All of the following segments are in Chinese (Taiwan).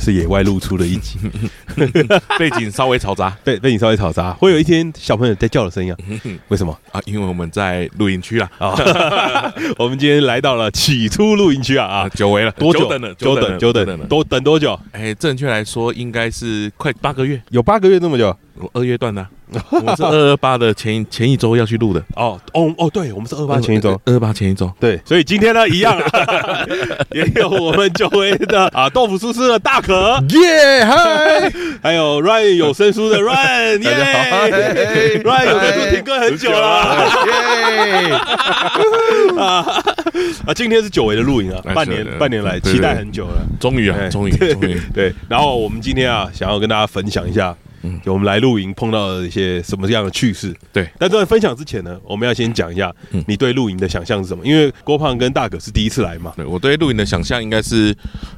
是野外露出的一集 景， 背景稍微嘈雜，背背景稍微嘈雜，會有一天小朋友在叫的聲音、啊，為什麼啊？因為我們在露營區了啊， 我們今天來到了起初露營區啊啊，啊久違了，多久等久等久等多等多久？哎、欸，正確來說應該是快八個月，有八個月那麼久。我二月段啊， 我們是二二八的前 前一周要去錄的哦哦哦，oh, oh, oh, 對，我們是二八前一周，二二八前一周，對，所以今天呢，一樣、啊， 也有我們久違的啊，豆腐叔叔的大可，耶嗨，還有 Ryan 有聲書的 Ryan，耶，Ryan 有聲書停歌很久了，耶、 啊，啊今天是久違的錄影啊， 半年半年來 對對對，期待很久了，終於啊，終於終於對，然後我們今天啊，想要跟大家分享一下。嗯，就我們來露營碰到的一些什麼樣的趣事。對，但在分享之前呢，我們要先講一下你對露營的想象是什麼？因為郭胖跟大可是第一次來嘛。對我對露營的想象應該是，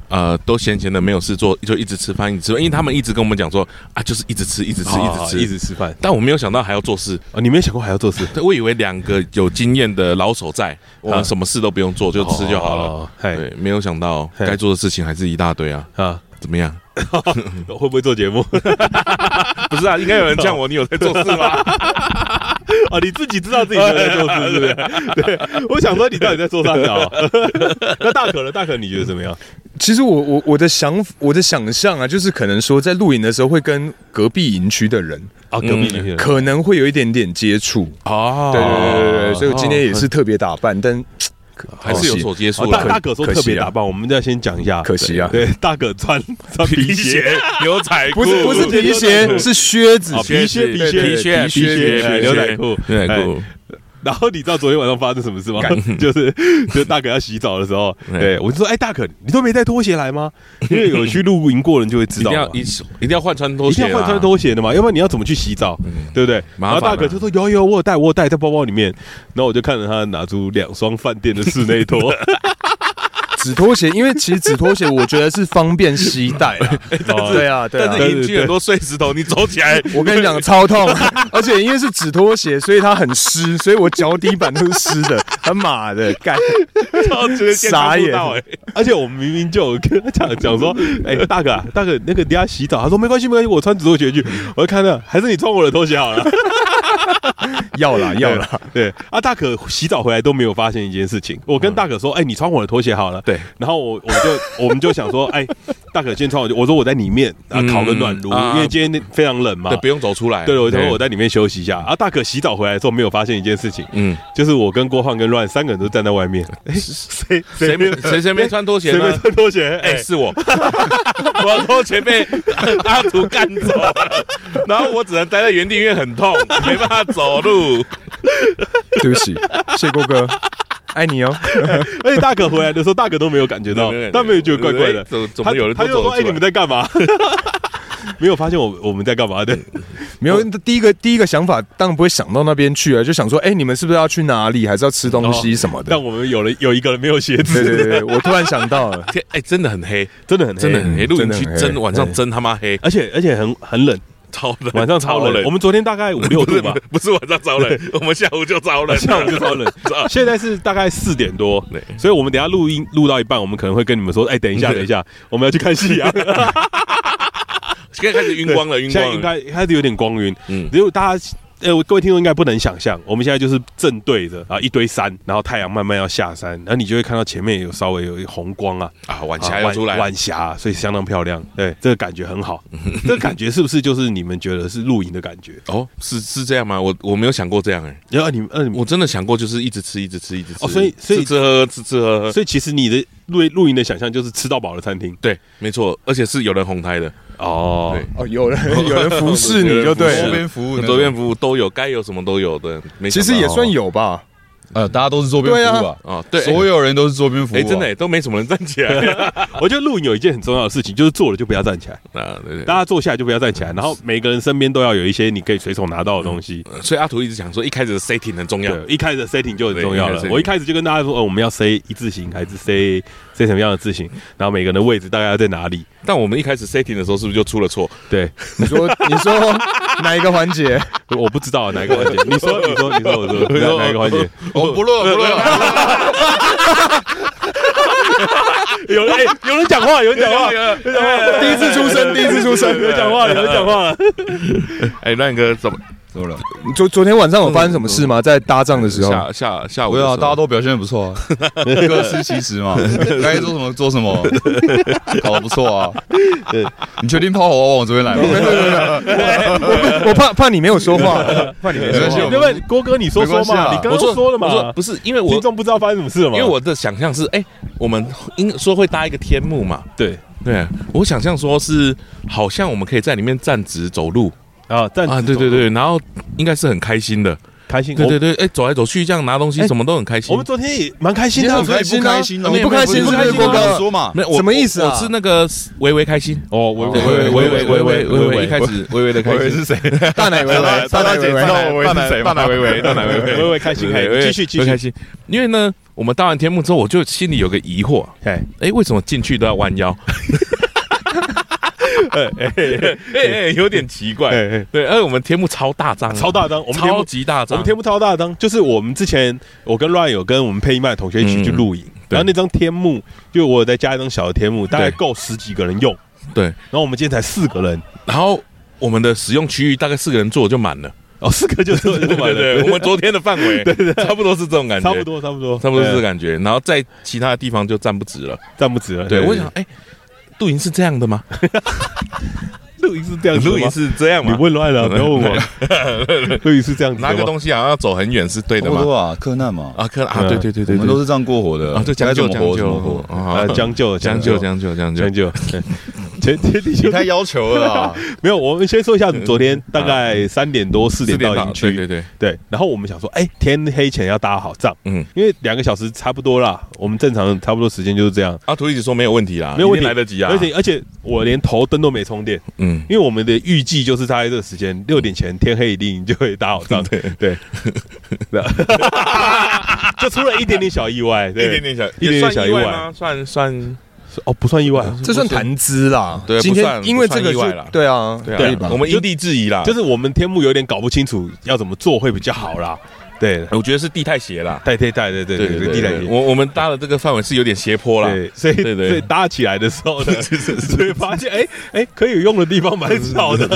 呃，都閒閒的沒有事做，就一直吃飯一直吃飯。因為他們一直跟我們講說啊，就是一直吃一直吃、哦、一直吃、哦、一直吃飯。但我沒有想到還要做事啊、哦！你沒想過還要做事？對我以為兩個有經驗的老手在，啊，什麼事都不用做就吃就好了。哦、對，沒有想到該做的事情還是一大堆啊啊！怎麼樣？哦、會不會做節目？ 不是啊，應該有人叫我。 你有在做事嗎？ 哦，你自己知道自己在做事是不是？ 對，我想說你到底在做啥？ 那大可了，大可，你覺得怎麼樣？嗯、其實我我我的想我的想象啊，就是可能說在露營的時候會跟隔壁營區的人啊，隔壁營區、嗯、可能會有一點點接觸啊。對對對對對，所以我今天也是特別打扮，啊、但。還是有所接觸的。大哥說特別打扮，我們要先講一下。可惜啊，對，大哥穿皮鞋、牛仔褲，不是不是皮鞋，是靴子。哦、皮靴、皮靴、皮靴、皮靴、哎、牛仔褲、牛仔褲。然後你知道昨天晚上發生什麼事嗎？就是，就是，大可要洗澡的時候， 對我就說：“哎，欸，大可，你都沒帶拖鞋來嗎？因為有去露營過的人就會知道 一，一定要一定要換穿拖鞋，一定要換穿拖鞋的嘛，要不然你要怎麼去洗澡？嗯，對不對？”然後大可就說：“有有，我有帶，我有帶在包包裡面。”然後我就看着他拿出兩雙飯店的室內拖。 紙拖鞋，因為其實紙拖鞋，我覺得是方便攜帶。對啊，對啊，啊、但是營區很多碎石頭，你走起來， 我跟你講，超痛。而且因為是紙拖鞋，所以它很濕，所以我腳底板都是濕的，他媽的，幹，傻眼。而且我明明就有跟他講講說，哎，大哥、啊，大哥，那個等下洗澡，他說沒關係沒關係，我穿紙拖鞋去。我要看到，還是你穿我的拖鞋好了。 要啦要啦，對， 對 啊，大可洗澡回來都沒有發現一件事情。我跟大可說：“哎、欸，你穿我的拖鞋好了。”對，然後我我就我們就想說：“哎、欸，大可今天穿我就我說我在裡面啊烤個暖爐、嗯，因為今天非常冷嘛，啊、對不用走出來。”對，我說我在裡面休息一下。啊，大可洗澡回來之後沒有發現一件事情，嗯，就是我跟郭胖跟 Ryan 三個人都站在外面。哎、欸，誰誰誰誰沒穿拖鞋？誰沒穿拖鞋？哎，是我， 我拖鞋被阿圖幹走了，然後我只能待在原地，因為很痛，沒辦法走。走路，對不起，謝哥哥，愛你哦。而 且、欸、大可回來的時候，大可都沒有感覺到，但沒有覺得怪怪的。總總、欸、有人了，他就說：“哎、欸，你們在幹嘛？” 沒有發現我們我們在幹嘛的、嗯？沒有，第一個、哦、第一個想法當然不會想到那邊去啊、欸，就想說：“哎、欸，你們是不是要去哪裡，還是要吃東西什麼的？”哦、但我們有了有一個人沒有鞋子。對對對，我突然想到了，哎、欸，真的很黑，真的很黑，嗯、真的很黑，路路真的很去真晚上真他媽黑，而且而且很很冷。超冷，晚上超冷。我們昨天大概五六度吧，不是晚上超冷，我們下午就超冷，下午就超冷。 現在是大概四點多，所以我們等一下錄音錄到一半，我們可能會跟你們說，哎，等一下，等一下，我們要去看夕陽了。 現在開始暈光了，暈光了，現在應該開始有點光暈。嗯，如果大家。哎、欸，各位聽眾應該不能想象我們現在就是正對着啊一堆山，然後太陽慢慢要下山，然後你就會看到前面有稍微有一紅光啊啊，晚霞要出來、啊，晚霞，所以相當漂亮。對，這個感覺很好， 這個感覺是不是就是你們覺得是露營的感覺？哦，是是這樣嗎？我我沒有想過這樣哎、欸。後你，們、啊，我真的想過就是一直吃，一直吃，一直吃哦，所以所以吃吃喝喝，吃吃喝喝。所以其實你的露露營的想象就是吃到飽的餐廳，對，沒錯，而且是有人紅胎的。哦、oh, 哦，有人有人服侍你就對，桌邊服，服務桌邊服務都有，該有什麼都有的，其實也算有吧。哦、呃，大家都是桌邊服務啊，啊、哦，對，所有人都是桌邊服務、啊，哎、欸，真的、欸，都沒什麼人站起來。 我覺得錄影有一件很重要的事情，就是坐了就不要站起來啊，對，對對，大家坐下來就不要站起來，然後每個人身邊都要有一些你可以隨手拿到的東西、嗯。所以阿圖一直想說，一開始的 setting 很重要，一開始的 setting 就很重要了。我一開始就跟大家說，哦、呃，我們要 say 一字形還是 say。是什麼樣的字型，然後每個人的位置大概在哪裡？但我們一開始 setting 的時候是不是就出了錯？ 對， 你說你說哪一個環節？我不知道、啊、哪一個環節？你說，你說你說，我說 你說你說你說哪一個環節？我不錄不錄，不 有哎，欸、有人講話，有人講話，有人講話、欸，欸欸欸欸、第一次出聲，第一次出聲、欸，欸欸欸欸欸欸欸、有人講話，有人講話。哎，亂哥怎麼說了，昨昨天晚上有發生什麼事嗎？在搭帳的時候，嗯嗯、下下下午，對啊，大家都表現的不錯啊，各司其職嘛，該做什麼做什麼，搞的 不錯啊。對，你確定拋火我往這邊來嗎？ 我，我，我，我怕怕你沒有說話、啊，怕你沒東西。因為郭哥你說說嘛，啊、你剛剛說了嘛說說，不是，因為聽眾不知道發生什麼事了嘛。因為我的想象是，哎、欸，我們應說會搭一個天幕嘛，對對，我想象說是好像我們可以在裡面站直走路。啊，啊對對對，然後應該是很開心的，開心，對對對，哎、欸，走來走去這樣拿東西，什麼都很開心。欸、我們昨天也蠻開心的，所以不開心、啊欸，不開心是因為國標嘛？你啊、沒有，什麼意思？我是那個微微開心哦微微微微微微，微微微微微微微微，一開始微微的開心是誰？大奶微微，大大姐大奶微微大奶微微，大奶微微，微微開心，繼續繼續開心。因為呢，我們搭完天幕之後，我就心裡有個疑惑，哎，為什麼進去都要彎腰？哎哎哎，有點奇怪。哎哎，對，而且我們天幕超大張、啊，超大張，我們超級大張，我們天幕超，超大張，就是我們之前我跟 Ryan 有跟我們配音班同學一起去錄影、嗯，然後那張天幕就我有再加一張小的天幕，大概夠十幾個人用。對，然後我們今天才四個人，然後我們的使用區域大概四個人坐就滿了。哦，四個就坐就滿了。 對對對，我們昨天的範圍，對對，差不多是這種感覺， 差不多，差不多，差不多是這個感覺。然後在其他的地方就站不直了，站不直了。對，對我想哎。欸露營是這樣的嗎？露 營是這樣的嗎？露營是這樣嗎？你問亂了，不後問我。露營 是這樣的嗎，拿個東西好像要走很遠，是對的嗎？柯南嘛，啊、哦、柯，啊對對對對，對，對，對，對，對，我們都是這樣過火的，啊就將就將就啊將就將就將就將就。前天天氣太要求了， 沒有，我們先說一下，昨天大概三點多四點到營區，對對對對。然後我們想說，哎、欸，天黑前要搭好帳，嗯，因為兩個小時差不多啦。我們正常差不多時間就是這樣。啊，圖一直說沒有問題啦，沒有問題來得及啊，而且而且我連頭燈都沒充電，嗯，因為我們的預計就是在這個時間，六點前天黑一定就會搭好帳，對對，對， 就出了一點點小意外，一點點小，一點小意外嗎？算算。哦，不算意外，這算談資啦。對啊，今天因為這個意外對啊，對啊，對吧？我們因地制宜啦，就是我們天幕有點搞不清楚要怎麼做會比較好啦。嗯 對，我覺得是地太斜了，對對對對對，對對對這個地太斜，我我們搭的這個範圍是有點斜坡了，所以對對對所以搭起來的時候呢，呢所以發現哎哎、欸欸，可以用的地方蠻少的，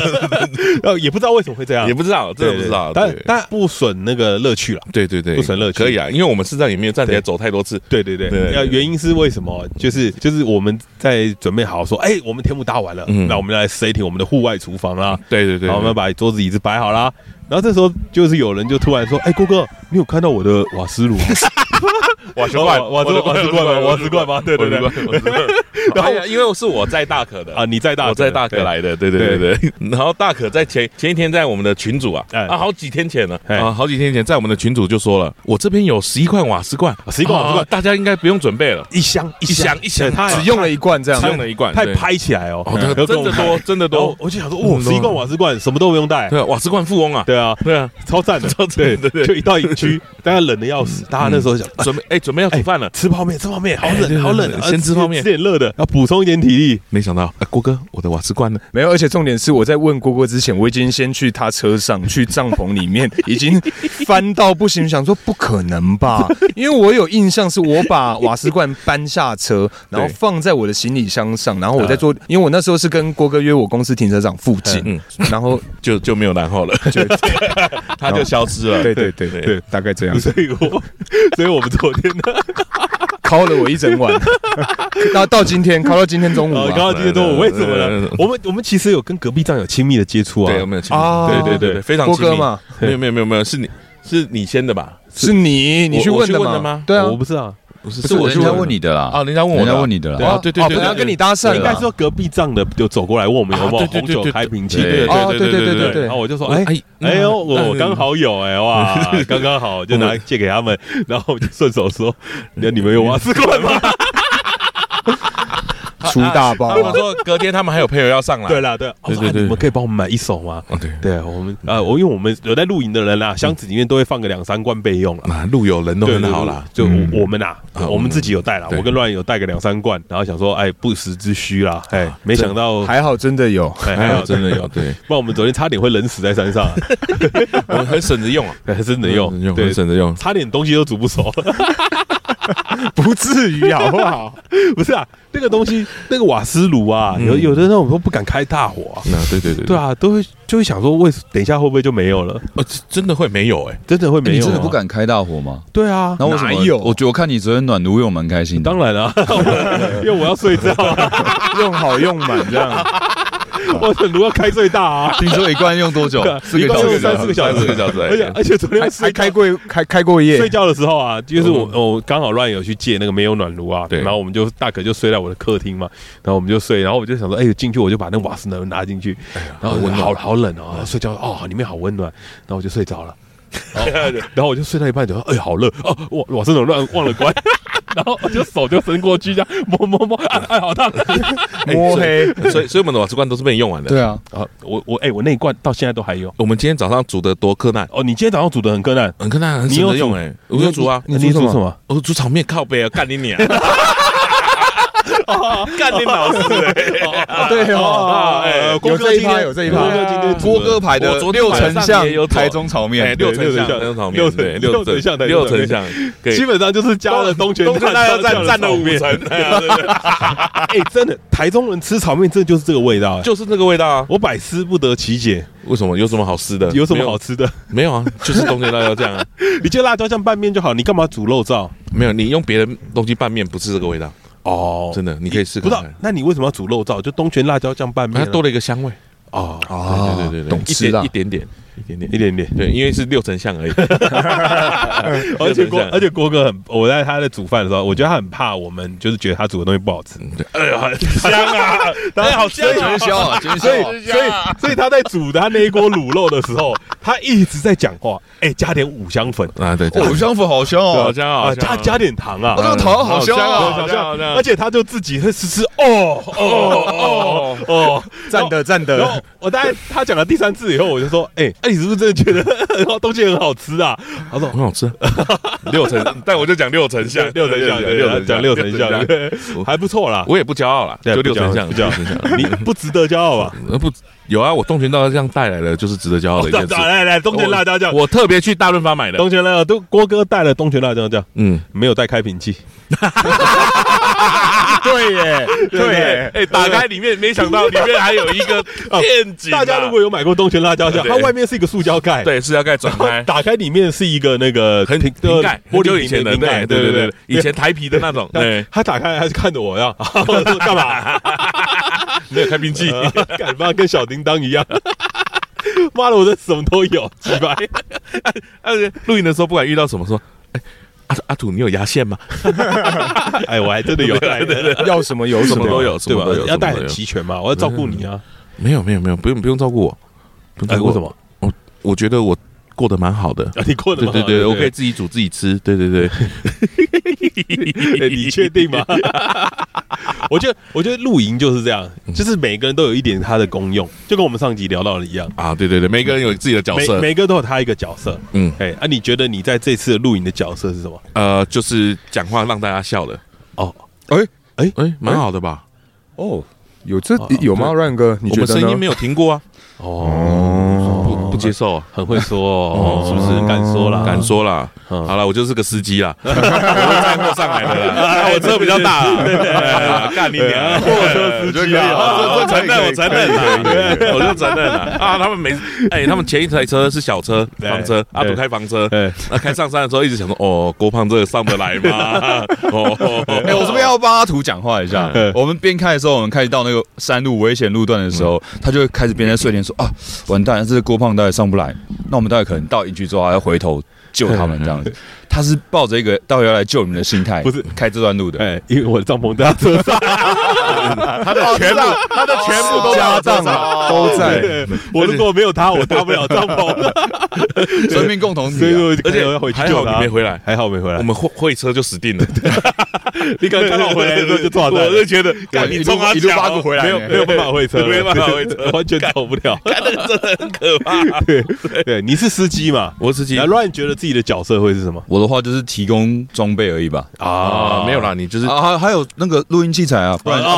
呃， 也不知道為什麼會這樣，也不知道，這個不知道，對對對但但不損那個樂趣了，對對、對、對不損樂趣，可以啊，因為我們事實上也沒有站起來走太多次，對對對、對，那原因是為什麼？就是就是我們在準備好、好說，哎、欸，我們天幕搭完了，那、嗯、我們要來 setting 我們的戶外廚房啦，對對對、對、對，我們要把桌子椅子擺好了。然後這時候就是有人就突然說：“哎、欸，郭哥，你有看到我的瓦斯爐嗎？” 瓦斯罐，瓦斯瓦斯罐，瓦斯罐，罐嗎？對對對，瓦斯罐。然後因為是我載大可的啊，你載大可，我載大可來的，對對對對，對。然後大可在前前一天在我們的群組啊，啊，啊好幾天前了啊，好幾天前在我們的群組就說了，我這邊有十一罐瓦斯罐，十一罐瓦斯罐，大家應該不用準備了一，一箱一箱一箱，他只用了一罐這樣子，只用了一罐，一罐太，太拍起來哦、喔，真的多，真的多，我就想說，哇十一罐瓦斯罐，什麼都不用帶，對，瓦斯罐富翁啊，對啊，對啊，超讚，超讚，對對對，就一到野區，大家冷的要死，大家那時候想準備。哎、欸，準備要煮飯了，欸，吃泡麵，吃泡麵，好冷，欸，對對對，好冷，先吃泡麵，吃點熱的，要補充一點體力。沒想到，哎、欸，郭哥，我的瓦斯罐呢？沒有，而且重點是，我在問郭哥之前，我已經先去他車上去帳篷裡面， 已經翻到不行，想說不可能吧？ 因為我有印象，是我把瓦斯罐搬下車，然後放在我的行李箱上，然後我在坐，呃，因為我那時候是跟郭哥約我公司停車場附近，嗯，然後就就沒有後就 然後了，他就消失了，對對對對，對，對，對，對，對，對，大概這樣，所以我，我所以我們做。天 考了我一整晚， 那到今天考到今天中午，考、哦、到今天中午，為什麼呢？我們我們其實有跟隔壁帳有親密的接觸啊，對，我們有親密、啊，對對對，非常親密。波哥嘛，沒有，沒有沒有沒有，是你是你先的吧？是你你去問的嗎？對啊，我不是啊。不是，不是，我是我是應該問你的啦，啊，人家問，人家問你的啦，哦，對對，不要跟你搭訕。應該是隔壁帳的就走過來問我們有沒有紅酒開瓶器，對對對對對對、對。然後我就說，哎、欸、哎，呦、欸哦，我剛好有、欸，哎哇，剛剛好就拿來借給他們，然後我就順手說，那你們有瓦斯罐嗎？ 出大包啊啊！我、啊、們說隔天他們還有朋友要上來， 對了，對，對，對，我對對對、啊、你們可以幫我們買一手嗎？啊、對，對，我們，啊，我因為我們有在露營的人啦、啊嗯，箱子裡面都會放個兩三罐備用啊，露、啊、友人都很好啦，就我們啊、嗯，我們自己有帶了，我跟 Ryan 帶個兩三罐，然後想說，哎、欸，不時之需啦。哎、啊，沒想到還，還好真的有，還好真的有，對，不然我們昨天差點會冷死在山上、啊。 我們很省着用、啊，還真的用，很省着用，用，差點東西都煮不熟， 不至於好不好？ 不是啊，這、那個東西。那個瓦斯爐啊，嗯、有有的那種都不敢開大火啊。那、嗯啊、對對對，對，對啊，都會就會想說，為等一下會不會就沒有了？哦，真的會沒有哎，真的會沒有、欸。你真的、欸、你不敢開大火嗎？對啊，那為什麼有？我覺得我看你昨天暖爐用蠻開心的。當然了、啊，因為我要睡覺， 用好用滿，這樣。我暖爐要開最大啊！ 聽說一罐用多久？啊、個一罐用三四、個三四個小時。而且而且昨天還開過開開過夜睡覺的時候啊，就是我、嗯、我剛好亂有去借那個沒有暖爐啊，對，然後我們就大可就睡在我的客廳嘛，然後我們就睡，然後我就想說，哎、欸，進去我就把那瓦斯爐拿進去、哎呦，然後我好好、好冷哦，睡覺哦，裡面好溫暖，然後我就睡着了，然後, 然後我就睡到一半就說，哎、欸，好熱哦、啊，瓦瓦斯爐亂忘了關。 然後就手就伸過去，這樣摸摸摸，哎，好燙， 摸黑，所以所以我們的瓦斯罐都是被你用完的，對啊，我我哎、欸，我那一罐到現在都還有。我們今天早上煮的多克難，哦，你今天早上煮的很克難，很克難，你有用哎、欸，我有煮啊，你煮什麼？我煮炒麵靠北啊，幹你娘 干點老是、欸，啊、 對哦,哦，哦哦 哦哦哦、郭哥今天有這一趴、哎，郭哥牌的六丞相、嗯、台中炒麵，六丞相台中炒麵，六丞相，六丞相，基本上就是加了東泉辣椒蘸的面，哎，真的，台中人吃炒麵，這就是這個味道，就是那個味道啊！我百思不得其解，為什麼有什麼好吃的？有什麼好吃的？沒有啊，就是東泉辣椒這樣啊！你就辣椒醬拌面就好，你幹嘛煮肉燥？沒有，你用別的東西拌面不是這個味道。哦、oh,，真的，你可以試。不知道，那你為什麼要煮肉燥？ 就東泉辣椒醬拌麵，它多了一個香味。哦、oh, 對對對對，懂吃辣，對，一點，一點點。一點點，一點點，對，嗯、因為是六成像而已。 而且郭，而且郭哥很，我在他在煮飯的時候，我覺得他很怕我們，就是覺得他煮的東西不好吃。嗯、哎呀，香啊！然、哎哎，好香啊，哦哦！所以，所以，所以他在煮的他那一鍋滷肉的時候，他一直在講話。哎、欸，加點五香粉啊！對、哦，五香粉好香哦，好香、哦、啊！加加點糖啊！那、哦，這個糖好香啊、哦，好香、哦哦、而且他就自己會吃吃，哦哦哦哦，讚的讚的。哦、讚的，然後我大概他講了第三次以後，我就說，哎、欸。啊、你是不是真的覺得東西很好吃啊？他說很好吃， 六成。但我就講六成像，六成像，六講六成像，啊、六成像，六成像還不錯啦我。我也不驕傲了，就六成像，六成像，六成像。你不值得驕傲吧？ 不。有啊，我東泉辣椒醬帶來的就是值得驕傲的一件事。哦、來來，東泉辣椒醬，我特別去大潤發買的。東泉辣椒都郭哥帶了東泉辣椒醬，嗯，沒有帶開瓶器。 對耶，對耶，哎、欸，打開裡面，沒想到裡面還有一個、啊啊、大家如果有買過東泉辣椒醬，它外面是一個塑膠蓋，對，塑膠蓋轉開，打開裡面是一個那個瓶的蓋，就玻璃的以前的蓋，對對對，以前台啤的那種。對，他打開還是看着我呀，幹、 哦、嘛？ 沒有開瓶器，幹、呃、嘛跟小丁？叮噹一樣， 媽的，我的什麼都有，幾百。哎，錄音的時候不管遇到什麼，說，哎，阿阿土，你有牙線嗎？ 哎，我還真的有， 要什麼有什麼都有，對吧？要帶很齊全嘛，我要照顧你啊。沒有，沒有，沒有，不用，不用照顧我。哎，我怎、欸、麼？我我覺得我。過得蠻好的、啊，你過得蠻好的對對對，我可以自己煮自己吃，對對對。 你確定嗎 我？我覺得我覺得露營就是這樣，嗯、就是每個人都有一點他的功用，就跟我們上集聊到的一樣啊，對對對，每個人有自己的角色，嗯、每,每個都有他一個角色，嗯哎，欸啊、你覺得你在這次露營的角色是什麼？呃，就是講話讓大家笑的哦，哎哎哎，蠻、欸欸、好的吧？哦、欸 oh, 啊，有這有嗎 Ryan 哥，你覺得我們聲音沒有停過啊， 哦。不接受，很會說，哦。Oh, 是不是敢說啦？敢說了，敢說了。好了，我就是個司機啦。 我載貨上來的啦， 我車比較大啊， 對對對對對 啊幹你娘，貨車司機啊，我承認、啊，我承認， 對對對對 我就承認了啊。他們每哎、欸，他們前一台車是小車、房車，阿土、啊、開房車，那、啊、開上山的時候，一直想說，哦，郭胖這個上得來嗎？ 哦，哎、哦欸，我這邊要幫阿土講話一下。 我們邊開的時候，我們開始到那個山路危險路段的時候，嗯、他就會開始邊在碎念說啊，完蛋了，這是郭胖的。上不來，那我們待會可能到營區之後，還要回頭救他們這樣子。 他是抱着一個待會要來救你們的心態， 不是開這段路的。哎、欸，因為我的帳篷在他車上。 他的全部、哦，他的全部都家當、哦、都在。我如果沒有他，我搭不了帳篷了。生命共同體、啊，而且我要回去，沒回來，還好沒回來。我，回回來我們會會車就死定了。對對對，你剛剛回來的時候，就抓到，我就覺得趕緊衝啊。一路一路拉過來，沒有沒有辦法會車，沒有辦法會車，完全走不了，真的很可怕。對對，你是司機嘛。我是司機。啊，Ryan 覺得自己的角色會是什麼？我的話就是提供裝備而已吧。啊，沒有啦，你就是啊，還有那個錄音器材啊，不然。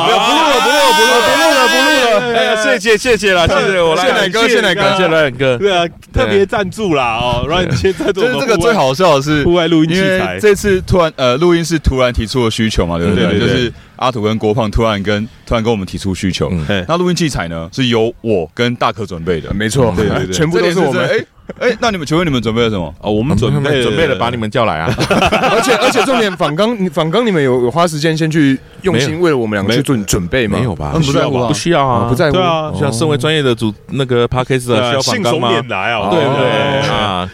啊、不錄了，不錄，了，不錄，了，不錄了，不錄了，了，了。哎呀，謝謝，謝謝了，謝謝我來，謝奶哥，謝奶哥，謝謝奶哥，謝謝哥，謝謝哥。對啊，對謝謝對對對特別贊助了哦、喔，然後你先贊就是這個最好笑的是戶外錄音器材，這次突然呃，錄音是突然提出了需求嘛，對不對？對對對對就是阿土跟郭胖突然跟突然跟我們提出需求，對對對對那錄音器材呢是由我跟大可準備的，嗯、沒錯，對對對，對，全部都是我們哎。欸哎，那你們請問你們準備了什麼？哦，我們準備了準備了把你們叫來啊， 而且而且重點訪綱，訪綱你們有有花時間先去用心為了我們兩個去做準備嗎？沒有，沒有吧？不在乎，啊，不需要啊，啊不在乎啊、哦，像身為專,專業的主，那個 Podcast 啊，需要把仿來啊。哦、對不對啊，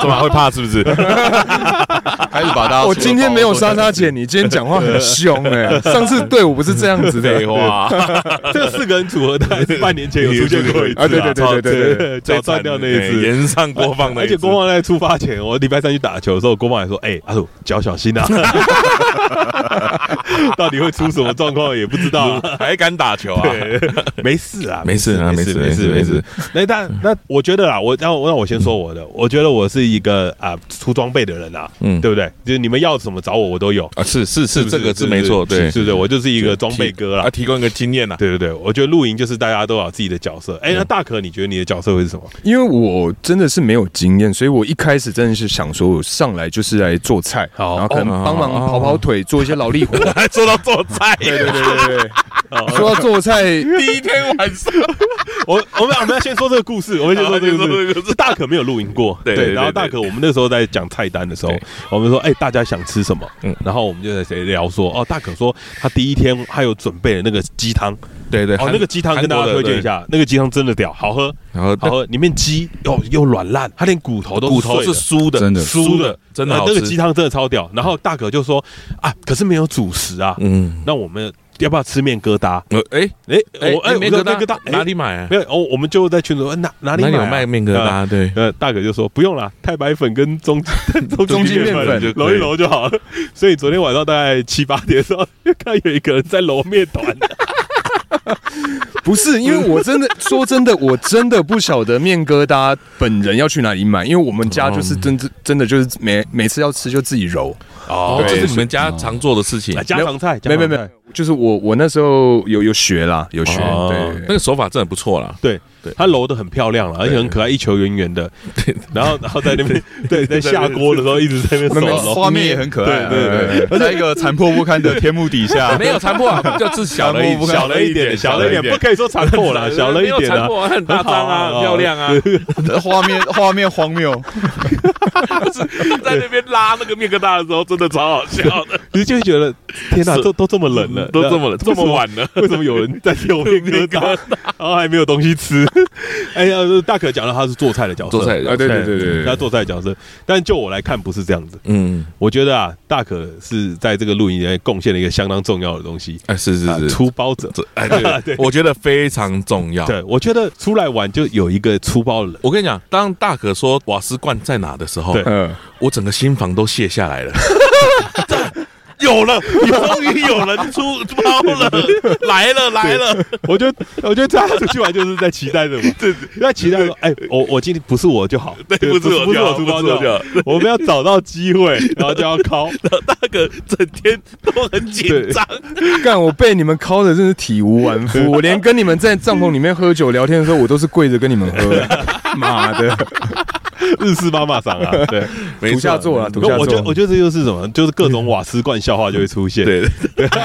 幹 嘛，哦、 會怕是不是？ 還是把他、哦，我今天沒有莎莎姐， 你今天講話很凶哎、欸， 上次對我不是這樣子的哇，這四個人組合在半年前有出現過一次啊，對對對對對，對。算掉。那一次，連、欸、上郭胖的、啊，而且郭胖在出發前，我禮拜三去打球的時候，郭胖還說：“哎、欸、阿魯，腳小心吶、啊， 到底會出什麼狀況也不知道、啊，還敢打球啊？沒事啊， 沒事啊，沒事，沒事，沒事。 那但、嗯、那，那，、嗯、那我覺得啦，我讓我讓我先說我的，嗯、我覺得我是一個啊、呃、出裝備的人啊，嗯，對不對？就是你們要什麼找我，我都有啊。是是是，這個是沒錯，對，是不對？我就是一個裝備哥啦，提供一個經驗吶。對對對，我覺得露營就是大家都有自己的角色。哎，那大可，你覺得你的角色會是什麼？因為因為我真的是沒有經驗，所以我一開始真的是想說，我上來就是來做菜，好然後可能幫、哦、忙跑跑腿，做一些勞力活，來 到做 說到做菜，對對對對，說到做菜，第一天晚上 我，我我們我們要先說這個故事，我們先，先說這個故事，大可沒有露營過， 對，對，然後大可我們那時候在講菜單的時候，對對對對我們說，哎、欸，大家想吃什麼？嗯，然後我們就在誰聊說，哦，大可說他第一天還有準備了那個雞湯。對，對對，哦，那個雞湯跟大家推薦一下，對對對，那個雞湯真的屌，好喝，然後好喝，裡面雞、哦、又又軟爛，它連骨頭都骨頭是酥的，真的酥的，酥的，真的好、嗯、那個雞湯真的超屌。然後大可就說、嗯、啊，可是沒有主食啊，嗯，那我們要不要吃麵疙瘩？哎哎哎，我哎麵疙瘩哪裡買啊？欸、沒有，哦，我們就在群裡問哪哪裡買、啊、哪裡有賣麵疙瘩、呃？對，呃，大可就說不用了，太白粉跟中 中筋麵粉，中麵粉就揉一揉就好了。所以昨天晚上大概七八點的時候，又看到有一個人在揉麵團。 不是，因為我真的 說真的，我真的不曉得面疙瘩本人要去哪裡買？因為我們家就是真的真的就是每每次要吃就自己揉，哦、oh,，這是你們家常做的事情，啊、家常菜，家常菜，沒沒沒。就是我，我那時候有有學啦，有學、哦對對，那個手法真的不錯啦。對，他揉的很漂亮了，而且很可愛，一球圓圓的。對對對，然後，然後在那邊，對，對，在下鍋的時候一直在那邊揉，畫面也很可愛、啊。對對對，在一個殘破不堪的天幕底下，沒有殘破、啊，就是小了小了一點，小了一點，不可以說殘破了，對對對小了一點殘、啊、破、啊很啊，很大張啊，很漂亮啊，畫面畫面荒謬。 在那邊拉那個麵疙瘩的時候，真的超好笑的。你就覺得天哪、啊，都都這麼冷了。都這麼這麼晚了為什麼，晚了為什麼有人在酒店喝咖？然後還沒有東西吃。 哎呀、呃，大可講到他是做菜的角色，做菜的角色、嗯，對對對,對，他做菜的角色。嗯、但就我來看，不是這樣子。嗯，我覺得啊，大可是在這個露營裡面貢獻了一個相當重要的東西。哎、嗯，是是是，出包者，哎，對,對，我覺得非常重要。對，我覺得出來玩就有一個出包的人。我跟你講，當大可說瓦斯罐在哪的時候，對嗯、我整個心房都卸下來了。 有了，你終於有人出 包了，來了來了！來了 我就我就這樣出去玩就是在期待着，對，在期待哎、欸，我我今天不是我就好對，對，不是我就好，不是我就好。我們要找到機會，然後就要敲。然後大哥整天都很緊張，幹 我被你們敲的真是體無完膚。 我連跟你們在帳篷裡面喝酒聊天的時候，我都是跪着跟你們喝的。媽的！ 媽的 日式媽媽上啊，對，塗下做了，啊，塗下做，啊啊我，啊，我覺得，我覺得這就是什麼，就是各種瓦斯罐笑話就會出現。對，對，對 對對對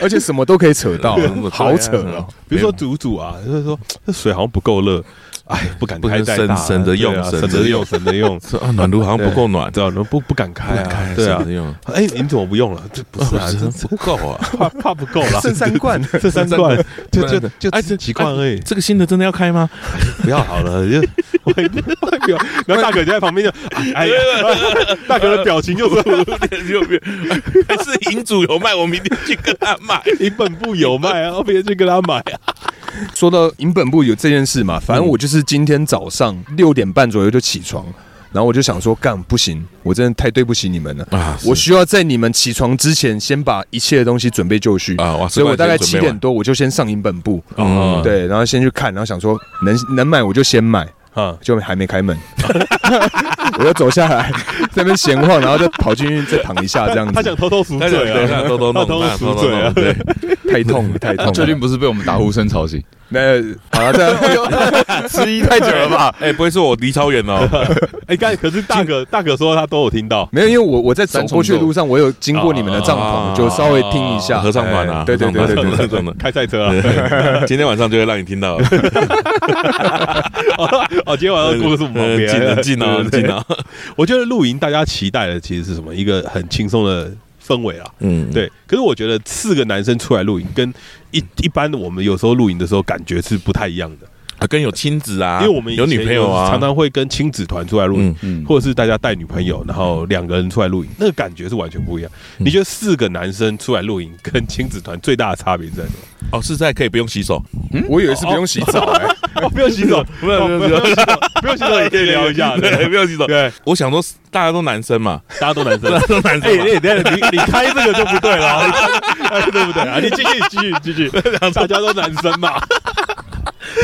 而且什麼都可以扯到，啊麼麼啊，好扯啊。比如說煮煮啊，就是說這水好像不夠熱，哎，不敢開大，啊，省省着用，省着，啊，用，省着，啊，用。啊，嗯，暖爐好像不夠暖，知道，啊，不不敢開啊，對啊，哎，啊欸，你怎麼不用了？ 這不是，真不夠啊，夠啊 怕怕不夠了，剩三罐，剩三罐，就就就只幾罐而已。這個新的真的要開嗎？不要好了，就。大可，然後大可就在旁邊就，哎呀 大可的表情又就是有點有但是營主有賣，我明天去跟他買。 營本部有賣啊，我明天去跟他買啊。說到營本部有這件事嘛、嗯，反正我就是今天早上六點半左右就起床，然後我就想說幹不行，我真的太對不起你們了啊。我需要在你們起床之前先把一切的東西準備就緒啊，所以我大概七點多我就先上營本部，哦。對，然後先去看，然後想說能能買我就先買。啊，就還沒開門 我就走下來，在那邊閒晃，然後就跑進去再躺一下這樣子 他。他想偷偷扶，偷偷罪啊！他偷偷夢啊！偷對，太痛了，太痛了！最近不是被我們打呼聲吵醒。 那、嗯、好了、啊，這樣子、嗯、十一太久了吧？哎、欸，不會是我離超遠了、哦？哎、嗯、剛、欸、可是大可大可說他都有聽到，沒有？因為我我在走過去的路上，我有經過你們的帳篷、哦，就稍微聽一下合唱團啊、欸唱，對對對對對，對、嗯嗯，開賽車啊，今天晚上就會讓你聽到了。哦、嗯，今天晚上過得是不？近近啊，近啊！近，對對對，我覺得露營大家期待的其實是什麼？一個很輕鬆的。氛圍啊，嗯，對，可是我覺得四個男生出來露營，跟一一般的我們有時候露營的時候感覺是不太一樣的。啊，跟有親子啊，因為我們有，有女朋友啊、嗯嗯，常常會跟親子團出來露營，嗯嗯，或者是大家帶女朋友，然後兩個人出來露營，那個感覺是完全不一樣。嗯，你覺得四個男生出來露營跟親子團最大的差別在什麼？嗯。哦，是在可以不用洗手。嗯，我以為是不用洗澡。欸，哎，哦哦哦哦哦，不用洗手，不用不用不用， 不用洗手也可以聊一下，對對對，不用洗手。對，我想說大家都男生嘛，大家都男生，都男生。欸欸欸，你你開這個就不對了。啊 欸，對不對啊？你繼續繼續繼續，大家都男生嘛。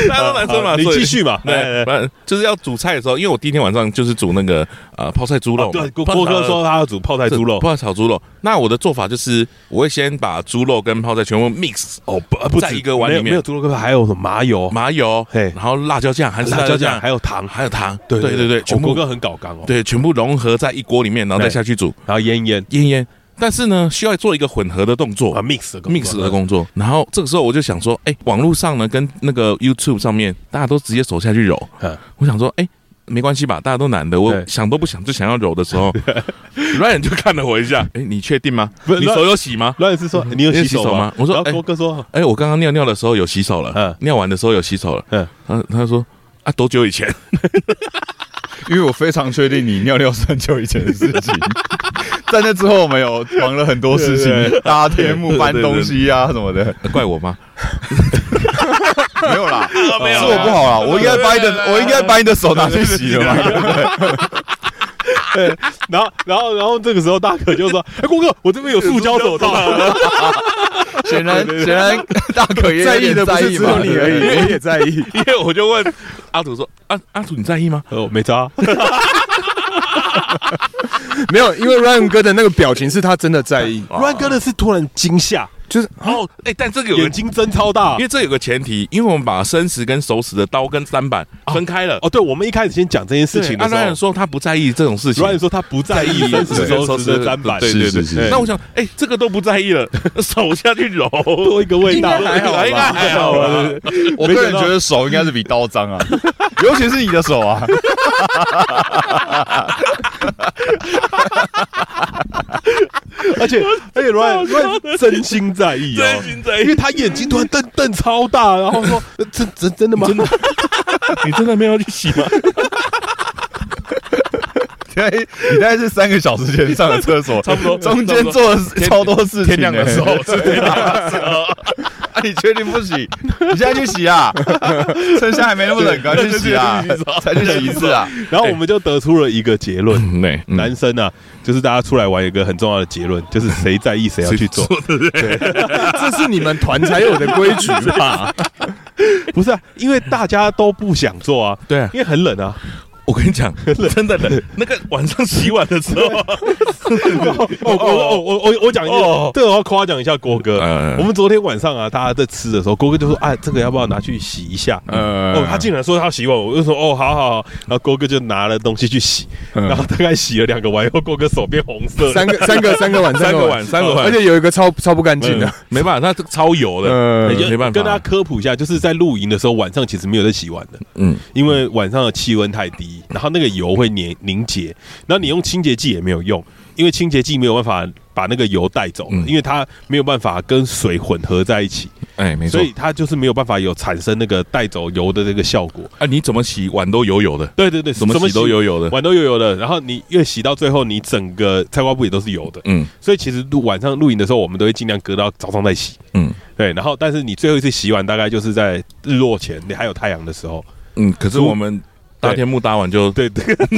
大家都男生嘛，你繼續嘛，對，就是要煮菜的時候，因為我第一天晚上就是煮那個呃泡菜豬肉。郭哥說他要煮泡菜豬肉，泡菜炒豬肉。那我的做法就是，我會先把豬肉跟泡菜全部 mix 哦，不，在一個碗裡面，沒有豬肉哥還有什麼？麻油，麻油，嘿，然後辣椒醬，還是辣椒醬，還有糖，還有糖，對對對對，郭哥很搞剛哦，對，全部融合在一鍋裡面，然後再下去煮，然後醃醃醃醃。但是呢，需要做一個混合的動作，mix mix、啊、的，的工作。然後這個時候，我就想說，哎、欸，網絡上呢，跟那個 YouTube 上面，大家都直接手下去揉。我想說，哎、欸，沒關係吧，大家都男的，我、欸、想都不想就想要揉的時候，Ryan 就看了我一下，哎、欸，你確定嗎？你手有洗嗎？Ryan 是說你，你，你有洗手嗎？我說，哎、欸，哥說，哎，我剛剛尿尿的時候有洗手了，嗯，尿完的時候有洗手了，嗯，他他說，啊，多久以前？ 因為我非常確定你尿尿是很久以前的事情。 在那之後，我們有忙了很多事情，對對對，搭天幕、搬東西啊什麼的。對對對對，怪我嗎？ 沒、啊？沒有啦，是我不好啦。對對對對我應該把你的，我應該把你的手拿去洗了嘛。對，對，然後，然後，然後這個時候大可就說：“哎、欸，郭哥，我這邊有塑膠手套、啊。”顯然，顯然大可在意的不是只有你而已，我也在意。對對對對，因為我就問阿祖說：“啊、阿阿祖，你在意嗎？”哦，沒招 沒有，因為 Ryan 哥的那個表情是他真的在意。 Ryan 哥的是突然驚嚇。就是哦，哎、欸，但這個，有個眼睛真超大，因為這個有個前提，因為我們把生食跟熟食的刀跟砧板分開了、啊。哦，對，我們一開始先講這件事情。羅、啊、然，然，然說他不在意這種事情。Ryan 說他不在意生食、熟食的砧板。對對對，對，是是是是對，那我想，哎、欸，這個都不在意了，手下去揉，多一個味道，還好還好，好，對對對，我個人覺得手應該是比刀髒啊，尤其是你的手啊。而 且 而且，Ryan Ryan 真心髒。在意啊、哦，因為他眼睛突然瞪瞪超大，然後說：“真、嗯、真真的嗎？你真的，你真的沒有去洗嗎？”哈 哈，你大概是三個小時前上的廁所 差，差不多，中間做了多超多事、欸、天亮的時候去洗澡，天亮的時候啊！ 啊你確定不洗？你現在去洗啊？趁現在還沒那麼冷，趕緊去洗啊？才去洗一次啊？然後我們就得出了一個結論、嗯欸嗯：，男生啊。就是大家出來玩一個很重要的結論，就是誰在意誰要去做， 對不對？這是你們團才有的規矩吧？不是啊，因為大家都不想做啊，對，因為很冷啊。我跟你講，真的冷。那個晚上洗碗的時候，我我我我我講，哦，對、哦，我，我，我、哦，這個、我要誇獎一下郭哥、呃。我們昨天晚上啊，大家在吃的時候，郭哥就說：“哎、啊，這個要不要拿去洗一下？”呃，哦，他竟然說他要洗碗，我就說：“哦，好好好。”然後郭哥就拿了東西去洗，呃、然後大概洗了兩個碗以後，郭哥手變紅色。三個三個三個碗，三個碗三個碗，三個碗，而且有一個超超不乾淨的、嗯，沒辦法，他超油的，沒辦法。欸、跟大家科普一下，就是在露營的時候，晚上其實沒有在洗碗的。嗯，因為晚上的氣溫太低。然後那個油會凝凝結、嗯，然後你用清潔劑也沒有用，因為清潔劑沒有辦法把那個油帶走、嗯，因為它沒有辦法跟水混合在一起。哎，沒錯，所以它就是沒有辦法有產生那個帶走油的這個效果啊！你怎麼洗碗都油油的，對對對，怎麼洗都油油的，碗都油油的。然後你越洗到最後，你整個菜瓜布也都是油的。嗯，所以其實晚上露營的時候，我們都會盡量隔到早上再洗。嗯，對。然後，但是你最後一次洗碗大概就是在日落前，你還有太陽的時候。嗯，可是我們。大天幕搭完就對對，對，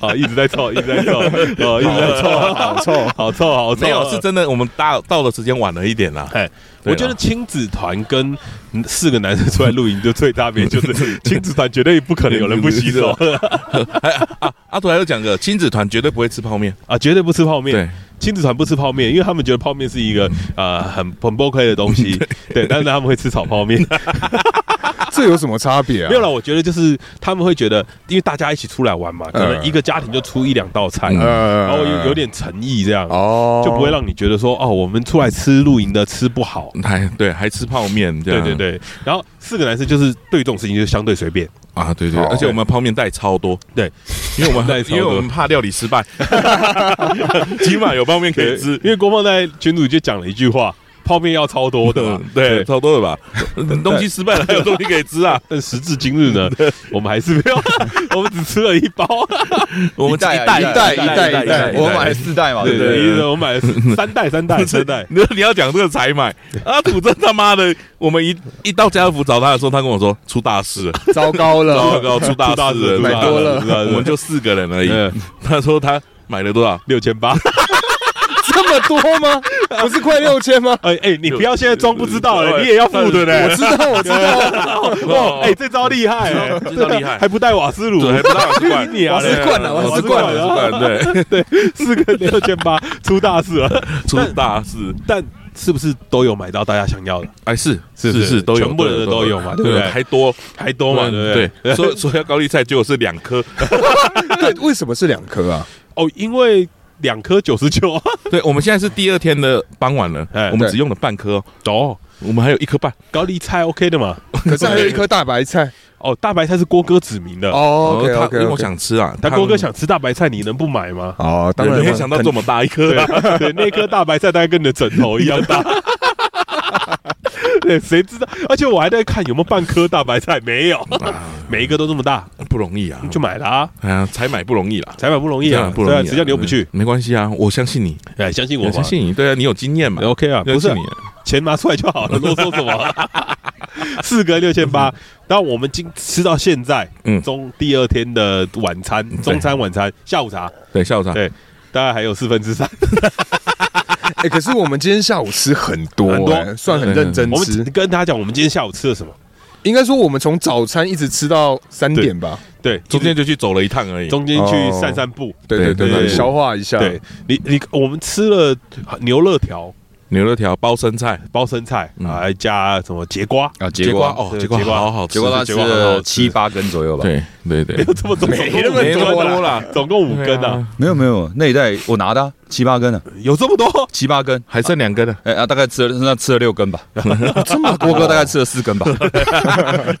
好一直在湊一直在湊， 一直在湊、啊，好湊好湊，好湊，是真的。我們搭到到的時間晚了一點啦了。我覺得親子團跟四個男生出來露營就最大別就是親子團絕對不可能有人不洗手。阿阿圖還要講個親子團絕對不會吃泡麵啊，絕對不吃泡麵。親子團不吃泡麵，因為他們覺得泡麵是一個啊、呃、很很崩潰的東西、嗯。對，對，但是他們會吃炒泡麵。 這有什麼差別啊？沒有啦，我覺得就是他們會覺得，因為大家一起出來玩嘛，可能一個家庭就出一兩道菜、呃，然後有有點誠意這樣、哦，就不會讓你覺得說哦，我們出來吃露營的吃不好，還對還吃泡麵對對對，然後四個男生就是對這種事情就相對隨便啊，對對、欸，而且我們泡麵帶超多，對，因為我們帶超多，因為我們怕料理失敗， 起碼有泡麵可以吃，因為郭胖在群組就講了一句話。泡面要超多的， 對,對，超多的吧。 東西失敗了，還有東西可以吃啊。但時至今日呢，我們還是沒有， 我們只吃了一包。 我們一袋、啊、一袋、啊、一袋一袋、啊，啊啊啊啊啊啊、我買了四袋嘛，對,對，對啊對對對啊、我買了三袋三袋三袋。你說你要講這個採買阿、啊、土真他媽的，我們一一到家樂福找他的時候，他跟我說出大事了，糟糕了，糟糕，出大事了，買多了，我們就四個人而已。他說他買了多少？六千八。 這麼多嗎？不是快六千嗎？哎、欸、哎，你不要現在裝不知道哎，你也要付的呢、欸。我知道，我知道。哇，哎、喔喔欸，這招厲害，、欸、害，這招厲害，還不帶瓦斯爐，還不帶瓦斯罐，瓦斯罐啊，瓦斯罐，瓦斯罐，對對，四個六千八，出大事了，出大事。但是不是都有買到大家想要的？哎、欸，是是是，都有，全部人都都有嘛，對不對？還多還多嘛，對不對？所所以高麗菜只有是兩顆，對，為什麼是兩顆啊？哦，因為。兩顆九十九，對，我們現在是第二天的傍晚了，哎、欸，我們只用了半顆，哦，我們還有一顆半，高麗菜 OK 的嘛，可是 還有一顆大白菜，哦，大白菜是郭哥指明的，哦，okay, okay, okay. 他因為我想吃啊，但郭哥想吃大白菜，你能不買嗎？嗯嗯、哦，當然，沒想到這麼大一顆，啊，對，那顆大白菜大概跟你的枕頭一樣大。 對，誰知道？而且我還在看有沒有半顆大白菜，沒有，每一個都這麼大，不容易啊！就買了啊！才呀，買不容易了，才買不容易,不容易啊,對啊，不容易啊對啊。只要你不去、嗯，沒關係啊，我相信你、欸，哎，相信我相信你。對啊，你有經驗嘛、欸、？OK 啊，不是,、啊不是啊、你、啊，錢拿出來就好了，囉嗦什麼、啊？ 什啊、 四個六千八，當 我們今吃到現在，嗯中，中第二天的晚餐，中餐晚餐，下午茶，對，下午茶對，午茶對，大概還有四分之三。 哎、 欸，可是我們今天下午吃很多、欸很多，算很認真對對對吃。你跟他講，我們今天下午吃了什麼？應該說我們從早餐一直吃到三點吧。對，對，中間就去走了一趟而已。中間去散散步、哦，對對對，對，消化一下。對你，你我們吃了牛肋條，牛肋條包生菜，包生菜、嗯，還加什麼櫛瓜啊？櫛瓜哦，櫛瓜好好吃。櫛瓜七八根左右吧。對對對，這麼多，沒那麼多了？總共五根的、啊。啊啊、沒有沒有，那袋我拿的、啊。七八根了，有這麼多？七八根，還剩兩根了。哎、欸、啊，大概吃了，那吃了六根吧。 這麼多，郭哥大概吃了四根吧。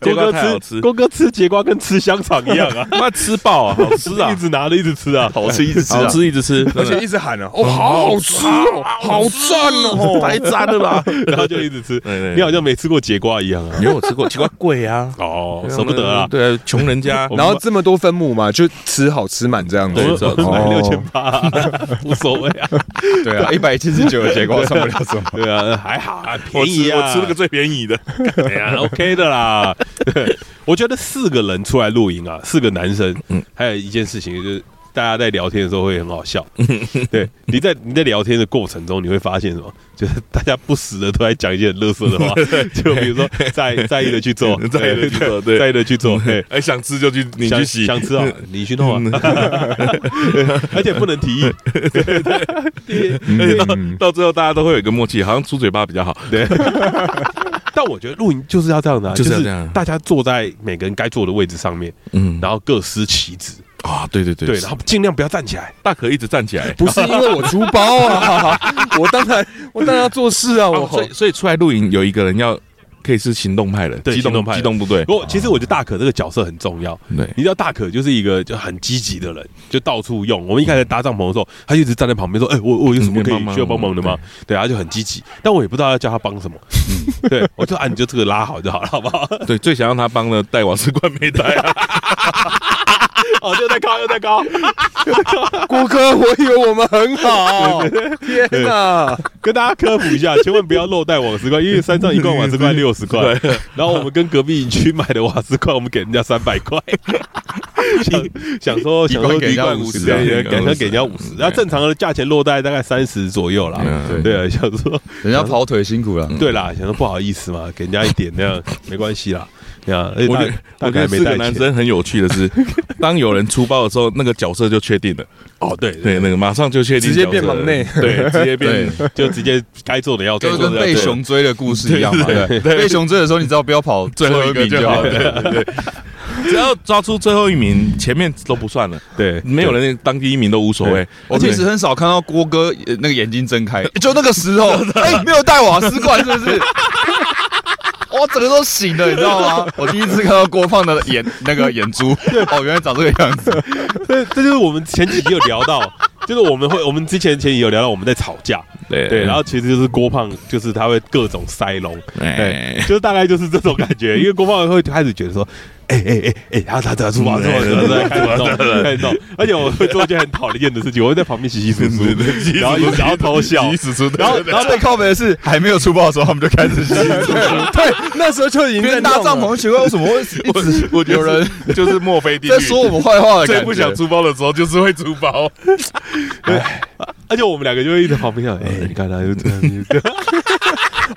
郭哥吃好吃，郭哥吃節瓜跟吃香腸一樣啊，快 吃爆啊，好吃啊， 一直拿着一直吃啊，好吃，一直吃，、啊、好吃一直吃，好吃一直吃，而且一直喊啊，哦，好好吃哦，好讚哦，好好哦 太讚了吧！然後就一直吃，對對對，你好像沒吃過節瓜一樣啊。因為我吃過，節瓜貴啊， 哦，捨不得啊。對，啊，窮人家，然後這麼多分母嘛，就吃好吃滿這樣子，的，對買六千八、啊，無所謂。 對啊，一百七十九的結果上不了麼？ 對，啊 對啊，還好啊，便宜啊，我吃了個最便宜的， 便宜的， 便宜的，OK 的啦 對。我覺得四個人出來露營啊，四個男生，嗯，還有一件事情就是。大家在聊天的時候會很好笑，對，你在你在聊天的過程中，你會發現什麼？就是大家不時的都在講一些很垃圾的話，就比如說在在意的去做，在意的去做，在意的去做，哎，想吃就去，你去洗，想吃啊，你去弄啊，而且不能提議，對對對，對，到到最後大家都會有一個默契，好像出嘴巴比較好，對。但我覺得露營就是要這樣的、啊，就是大家坐在每個人該坐的位置上面，嗯，然後各司其職。啊，對對對對，對，然後盡量不要站起來，大可一直站起來，不是因為我出包啊， 好好好，我當然我當然要做事啊，我、 啊、所以所以出來露營有一個人要可以是行動派的，對，機動派，機動部隊。不、啊、過其實我覺得大可這個角色很重要，對、啊，你知道大可就是一個就很積極的人，就到處用。我們一開始搭帳篷的時候，他一直站在旁邊說：“哎、欸，我我有什麼可以需要幫忙的嗎、嗯嗯？”對，他就很積極，但我也不知道要叫他幫什麼。 對，我就按、啊、你就這個拉好就好了，好不好？ 對，最想讓他幫的帶瓦斯罐沒帶、啊。 哦，又在高又在高，郭哥， 我以為我們很好。對對對，天哪！跟大家科普一下， 千萬不要漏帶瓦斯罐，因為山上一罐瓦斯罐六十塊。 然後我們跟隔壁營區買的瓦斯罐，我們給人家三百塊，想說想說給人家五十，想說給人家五十、啊嗯。然後正常的價錢，漏帶大概三十左右啦。對啊，想說人家跑腿辛苦了，對啦、嗯，想說不好意思嘛，給人家一點那樣 沒關係啦。Yeah, 大我覺得大概沒我覺得四個男生很有趣的是， 當有人出包的時候，那個角色就確定了。 哦，對對，那個馬上就確定，直接變忙內，對，直接變，就直接該做的要做。就跟被熊追的故事一樣嘛。被熊追的時候，你只要不要跑，最後一名就， 就好了。對、對、對、對， 只要抓出最後一名，前面都不算了。 對、對、對，沒有人當第一名都無所謂。我、okay、其實很少看到郭哥那個眼睛睜開， 就那個時候，哎、 欸，沒有帶瓦斯罐是不是？ 我、哦、整個都醒了，你知道嗎？ 我第一次看到郭胖的眼 那個眼珠，對，哦，原來長這個樣子。這 這就是我們前幾集有聊到， 就是我們會我們之前前幾集有聊到我們在吵架，對對，然後其實就是郭胖，就是他會各種塞龍，對，就是大概就是這種感覺， 因為郭胖會開始覺得說。哎哎哎哎，然後他他他出包，出包，對對對，出包，對對對，開包，開動開動，而且我會做一件很討厭的事情， 我會在旁邊窸窸窣窣，嗯，然後有搖偷笑，然後然後最靠北的是，還沒有出包的時候，他們就開始洗窸窣，對、對、對、對、對、對、對，那時候就已經在搭帳篷，奇怪為什麼會一直有人 就是墨菲定律在說我們壞話，最不想出包的時候就是會出包，對 而且我們兩個就會一直跑不掉，哎，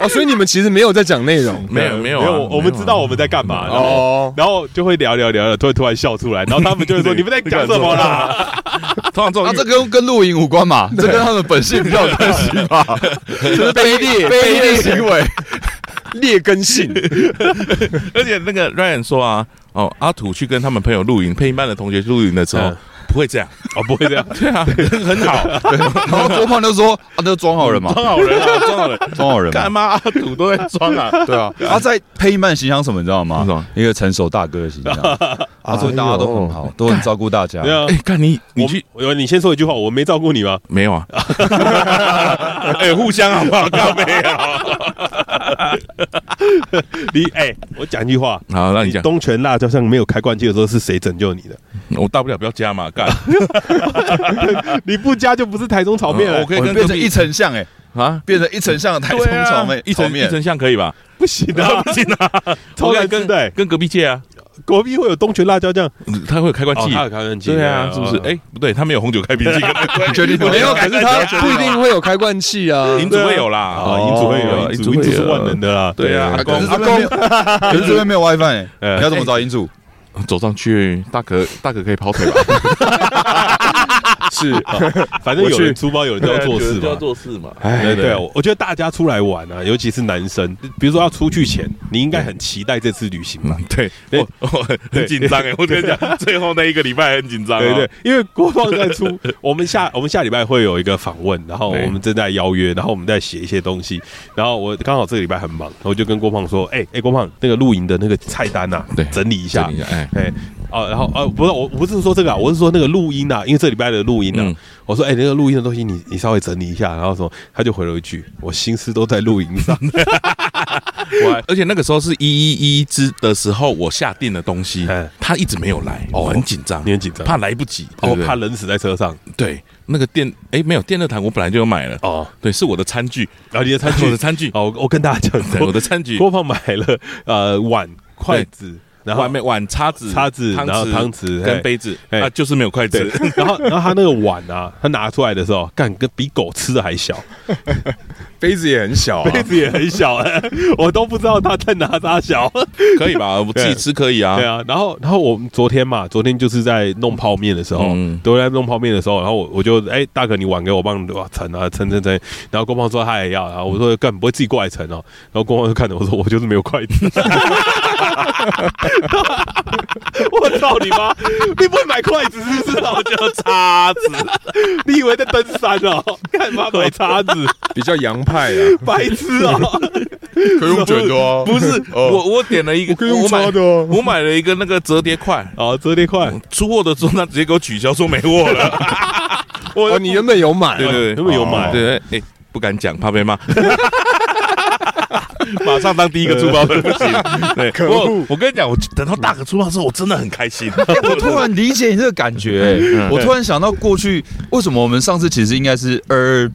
哦，所以你們其實沒有在講內容，沒有沒有、啊、沒有，我們知道我們在幹嘛哦、啊，然後就會聊聊聊的突然突然笑出來，然後他們就會說你們在講什麼啦、啊？他這個啊通常啊這種、跟跟露營無關嘛，這跟他們本性比較有關係嘛，這是卑鄙卑鄙行為，劣、行為 劣根性。 而且那個 Ryan 說啊，哦阿土去跟他們朋友露營，配音班的同學露營的時候。嗯不會這樣，哦，不會這樣， 對啊， 很好。然後我朋友說：“他都裝好人嘛， 裝好人，裝好人，裝好人。”他媽賭、啊、都在裝啊，對啊，啊。他在配一曼形象什麼，你知道嗎？一個成熟大哥的形象，啊，對，大家都很好，都很照顧大家。 啊、哎，欸哎哎、看你，你去，我，我你先說一句話，我沒照顧你嗎？沒有啊。哎，互相好不好？都沒有 你哎，我講一句話，好、啊，那你講。東泉辣椒醬沒有開罐器的時候是誰拯救你的？我大不了不要加嘛。 你不加就不是台中炒麵了、哦。我可以跟變成一層像哎、欸，啊，變成一層醬台中炒麵、啊，一層一層醬可以吧？不行的、啊 啊，不行的、啊，我該跟對跟隔壁借啊。隔壁會有東泉辣椒醬、嗯，它會有開關器，哦、有開關器、哦開關器，對啊，是不是？哎、哦欸，不對，他沒有紅酒開瓶器，絕 對，對定沒有。是開可是他不一定會有開罐器啊，營主會有啦，營、啊、主會有，營、哦、主、主、主、主是萬能的啦、啊。對啊，阿、啊啊、公，阿公，可是這邊沒有 WiFi，你要怎麼找營主？ 走上去，大可，大可可以跑腿了。 是、 哦，反正有人出包，有人就要做事嘛。要做事嘛，對，對，對，我覺得大家出來玩啊，尤其是男生，比如說要出去前，你應該很期待這次旅行嘛、嗯。對，我很緊張哎。我跟你講，最後那一個禮拜很緊張、哦。對，對對，因為郭胖在出，我們下我們下禮拜會有一個訪問，然後我們正在邀約，然後我們在寫一些東西，然後我剛好這個禮拜很忙，我就跟郭胖說，哎、欸、哎、欸，郭胖，那個露營的那個菜單吶、啊，對，整，整理一下，哎哎。哦，然後呃、哦，不是，我不是說這個，我是說那個錄音啊，因為這禮拜的錄音啊、嗯。我說，哎、欸，那個錄音的東西你，你你稍微整理一下，然後說，他就回了一句，我心思都在錄音上。對， 而且那個時候是一一一之的時候，我下訂的東西，他一直沒有來，哦，哦很緊張，你很緊張，怕來不及，哦，對對對，怕冷死在車上。對，那個電，哎、欸，沒有電熱毯，我本來就有買了。哦，對，是我的餐具，啊，你的餐具，我的餐具。哦，我跟大家講，我的餐具，郭胖買了，呃，碗、筷子。然後碗、碗叉子、叉子、然後湯匙、湯匙跟杯子，他、啊、就是沒有筷子。然後，然後他那個碗啊，他拿出來的時候，幹個比狗吃的還小。 杯子也很小、啊，杯子也很小、欸，哎， 我都不知道他在哪扎小。可以吧？我自己吃可以啊。對，對啊。然後，然後我們昨天嘛，昨天就是在弄泡麵的時候、嗯，都在弄泡麵的時候，然後我我就哎、欸，大哥，你碗給我幫你拿盛啊，盛盛盛。然後郭胖說他也要，然後我說幹不會自己過來盛哦、喔。然後郭胖就看着我說，我就是沒有筷子。 我操你媽！你不會買筷子是不是？叫叉子？你以為在登山哦？幹嘛買叉子？比較洋派啊！白痴哦、喔、 可以用卷的哦、啊、不是我，哦、我點了一個，可以用我買，我買了一個那個折疊筷啊，折疊筷。出貨的時候，那直接給我取消，說沒貨了。我， 哦、你原本有買，對對對，原本有買，對。哎，不敢講，怕被罵。 馬上當第一個出包，對、呃、不起，對，可惡！我跟你講，我等到大哥出包之後，我真的很開心。我 突然理解你這個感覺、欸嗯，我突然想到過去為什麼我們上次其實應該是2、嗯、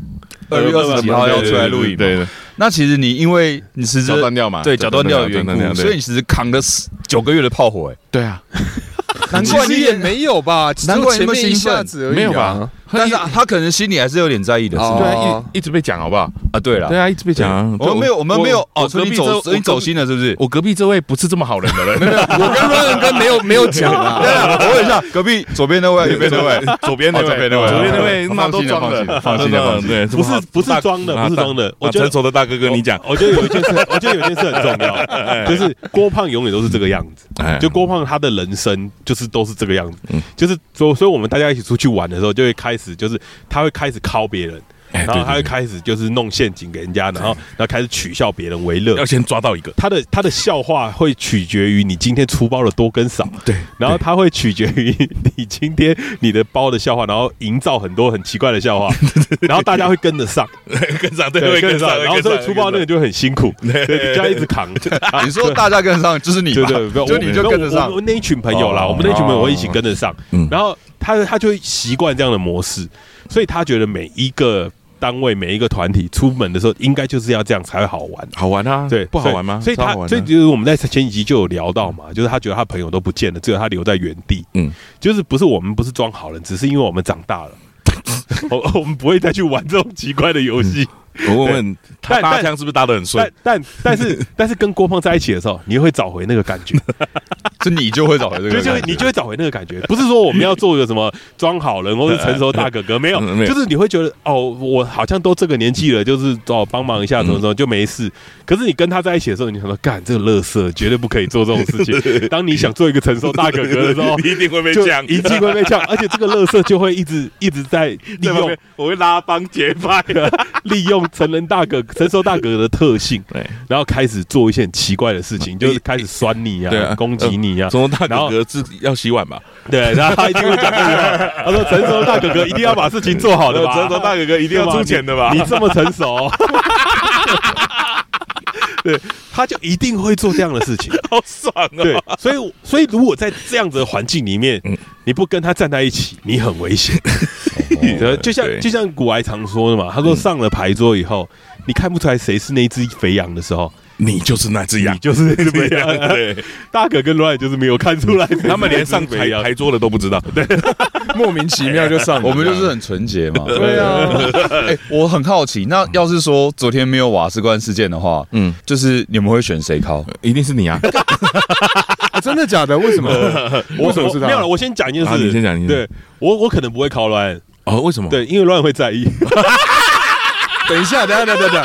二二月二十幾號要出來錄影，對，對，對，對，對，對那其實你因為你是腳斷掉嘛，對，腳斷掉的緣故，所以你其實扛了九個月的炮火、欸，哎，對啊。 難怪你也，難怪你也沒有吧，難怪你一下子沒有吧。但是他可能心裡還是有點在意的是嗎，是、哦、吧？對，一直被講，好不好？啊，對啦，對啊，一直被講、啊。我們沒有，我們沒有哦。你走，你走心了是不是？我隔壁這位不是這麼好人的人，人。 我跟 跟沒有沒有講啊， 啊。我問一下，隔壁左邊那位，右邊那位，左邊那位，左邊那位，放心了放心放心，放心，放心對，不是不是裝的，不是裝的。啊、我、啊、成熟的大哥哥你，你講，我覺得有一件事， 我，覺得有一件事 我覺得有一件事很重要， 就是郭胖永遠都是這個樣子。 就郭胖他的人生就是都是這個樣子，就是所所以我們大家一起出去玩的時候就會開。開始就是他會開始靠別人，然後他會開始就是弄陷阱給人家，然後然後開始取笑別人為樂。要先抓到一個他的他的笑話會取決於你今天出包的多跟少，對。然後他會取決於你今天你的包的笑話，然後營造很多很奇怪的笑話，然後大家會跟得上，跟得上對，會跟上。然後這個出包那個就很辛苦，對，你這樣一直扛。你說大家跟上就是你對，就你就跟着上，我那一群朋友啦，我們那一群朋友，我一，群朋友我一起跟着上，嗯，然後。他他就會習慣這樣的模式，所以他覺得每一個單位每一個團體出門的時候，應該就是要這樣才會好玩，好玩啊，對，不好玩嗎？啊啊？所以他所以就是我們在前幾集就有聊到嘛，就是他覺得他朋友都不見了，只有他留在原地，嗯，就是不是我們不是裝好人，只是因為我們長大了，我 我們不會再去玩這種奇怪的遊戲。嗯我問問他，搭腔，是不是搭的很順但？但但，但是 但是跟郭胖在一起的時候，你會找回那個感覺， 就你就會找回那個感覺， 你就會找回那個感覺。不是說我們要做一個什麼裝好人或者成熟大哥哥，沒有，就是你會覺得哦，我好像都這個年紀了，就是找我幫忙一下，什麼怎麼就沒事。可是你跟他在一起的時候，你想到，幹這個樂色絕對不可以做這種事情。當你想做一個成熟大哥哥的時候，一定會被嗆，一定會被嗆。而且這個樂色就會一直一直在利用，我會拉幫結派的利用。成人大哥，成熟大哥哥的特性，然後開始做一些很奇怪的事情，就是開始酸你呀、對，攻擊你呀。成熟大哥哥自己要洗碗吧？對，然後他一定會講， 他說：“成熟大哥哥一定要把事情做好的， 成熟大哥哥一定要出錢的吧， 哥哥的吧你？你這麼成熟。 ” 對，他就一定會做這樣的事情， 好爽啊、哦！對，所以所以如果在這樣子的環境裡面，嗯、你不跟他站在一起，你很危險。嗯 嗯，就像就像古埃常說的嘛，他說上了牌桌以後，嗯、你看不出來誰是那隻肥羊的時候。你就是那隻羊，你就是那隻羊。對，大可跟 Ryan 就是沒有看出來， 嗯、他們連上台 台桌的都不知道 。對，莫名其妙就上了。我們就是很純潔嘛。對啊。 對對 欸、我很好奇，那要是說昨天沒有瓦斯罐事件的話， 嗯，就是你們會選誰考？嗯、一定是你啊 。啊、真的假的？為什麼？ 我怎麼是他？沒有了，我先講一件事。啊。你先講。一件事。對，對，我、啊、我可能不會考 Ryan 哦，為什麼？對，因為 Ryan 會在意 。 等一下，等下，等下，等下。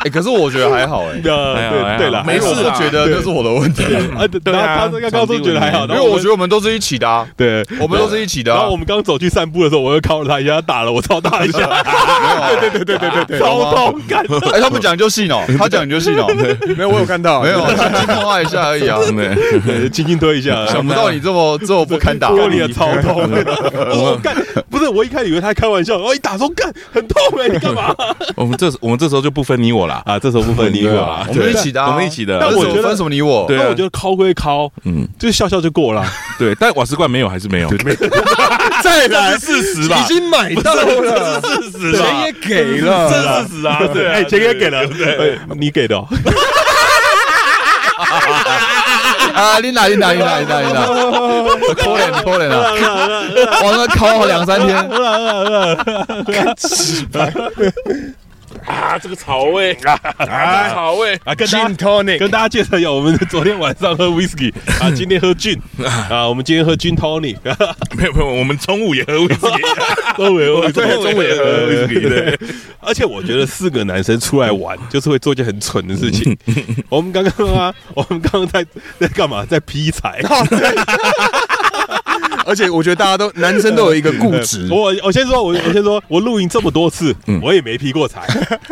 哎、欸，可是我覺得還好、欸，哎、呃，對對了，沒事，覺得這是我的問題。對對啊對啊、然後他這個高叔覺得還好，因為我，我覺得我們都是一起的啊，對，我們都是一起的、啊。然後我們剛走去散步的時候，我又靠他一下，他打了我超大一下，啊、對、對、對、對對對對對對，啊、超痛，幹！哎、欸，他們講就信腦， 他講你就信腦。 沒有，我有看到，沒有，輕輕劃一下而已啊，對，輕輕推一下。想不到你這麼這麼不堪打，這你的超痛，我幹，不是，我一開始以為他在開玩笑，然後一打說幹很痛哎，你幹嘛？我們這我們這時候就不分你我了。啊，這時候不分你我，啊， 我們一起的，啊，我們一起的。但我覺得我分什麼你我？那我覺得摳歸摳，嗯、啊，就笑笑就過了，啊。對， 但瓦斯罐沒有，還是沒有。 再來四十吧，已經買到了，是事實。錢也給了，是事 啊，啊，啊。對，哎、欸，錢也給了，對對？你給的，喔。 啊，琳達，琳達，琳達，琳 達， 琳達，可憐，可憐了。網上摳了兩三天，可恥 啊，這個草味啊，啊啊這個、草味啊,啊，跟大家跟大家介紹一下，我們昨天晚上喝威士忌啊，今天喝 Gin 啊, 啊，我們今天喝 Gin Tony，、啊、沒有沒有，我們中午也喝威士忌啊， 中午也喝威士忌對，而且我覺得四個男生出來玩，就是會做一件很蠢的事情， 我們剛剛啊，我們剛剛在在幹嘛，在劈柴。 啊對 而且我覺得大家都男生都有一個固執、 嗯嗯嗯。我我先說，我我先說，我露營這麼多次，嗯，我也沒劈過柴，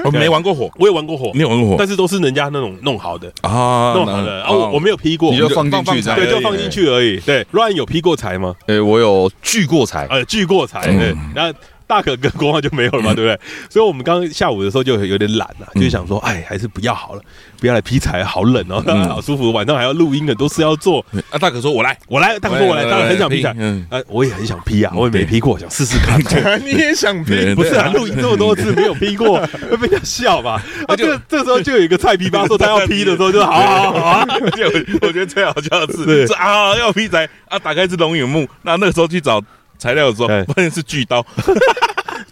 我，嗯，沒玩過火，我也玩過火，有玩過火，但是都是人家那種弄好的啊，弄好的啊，我我沒有劈過，你就放進去，放放去對，對，對，對，就放進去而已。對，Ryan 有劈過柴嗎？欸？我有鋸過柴，呃，鋸過柴，對，嗯大可跟國王就沒有了嘛、嗯，對不對？所以，我們剛剛下午的時候就有點懶了、啊嗯、就想說，哎，還是不要好了，不要來劈柴，好冷哦、喔，當然好舒服。晚上還要錄音的，都是要做。啊，大可說，我來，我來，大可說我來，當然很想劈柴，嗯，呃，我也很想劈啊，我也沒劈過，想試試看。你也想劈？不是啊，錄音這麼多次沒有劈過，不要笑吧？啊，就這，個這個時候就有一個菜批發說他要劈的時候，就好好好，啊，我 我覺得最好笑的是，啊，啊、要劈柴啊，打開是龍眼木，那那個時候去找。材料的時候，發現是鋸刀，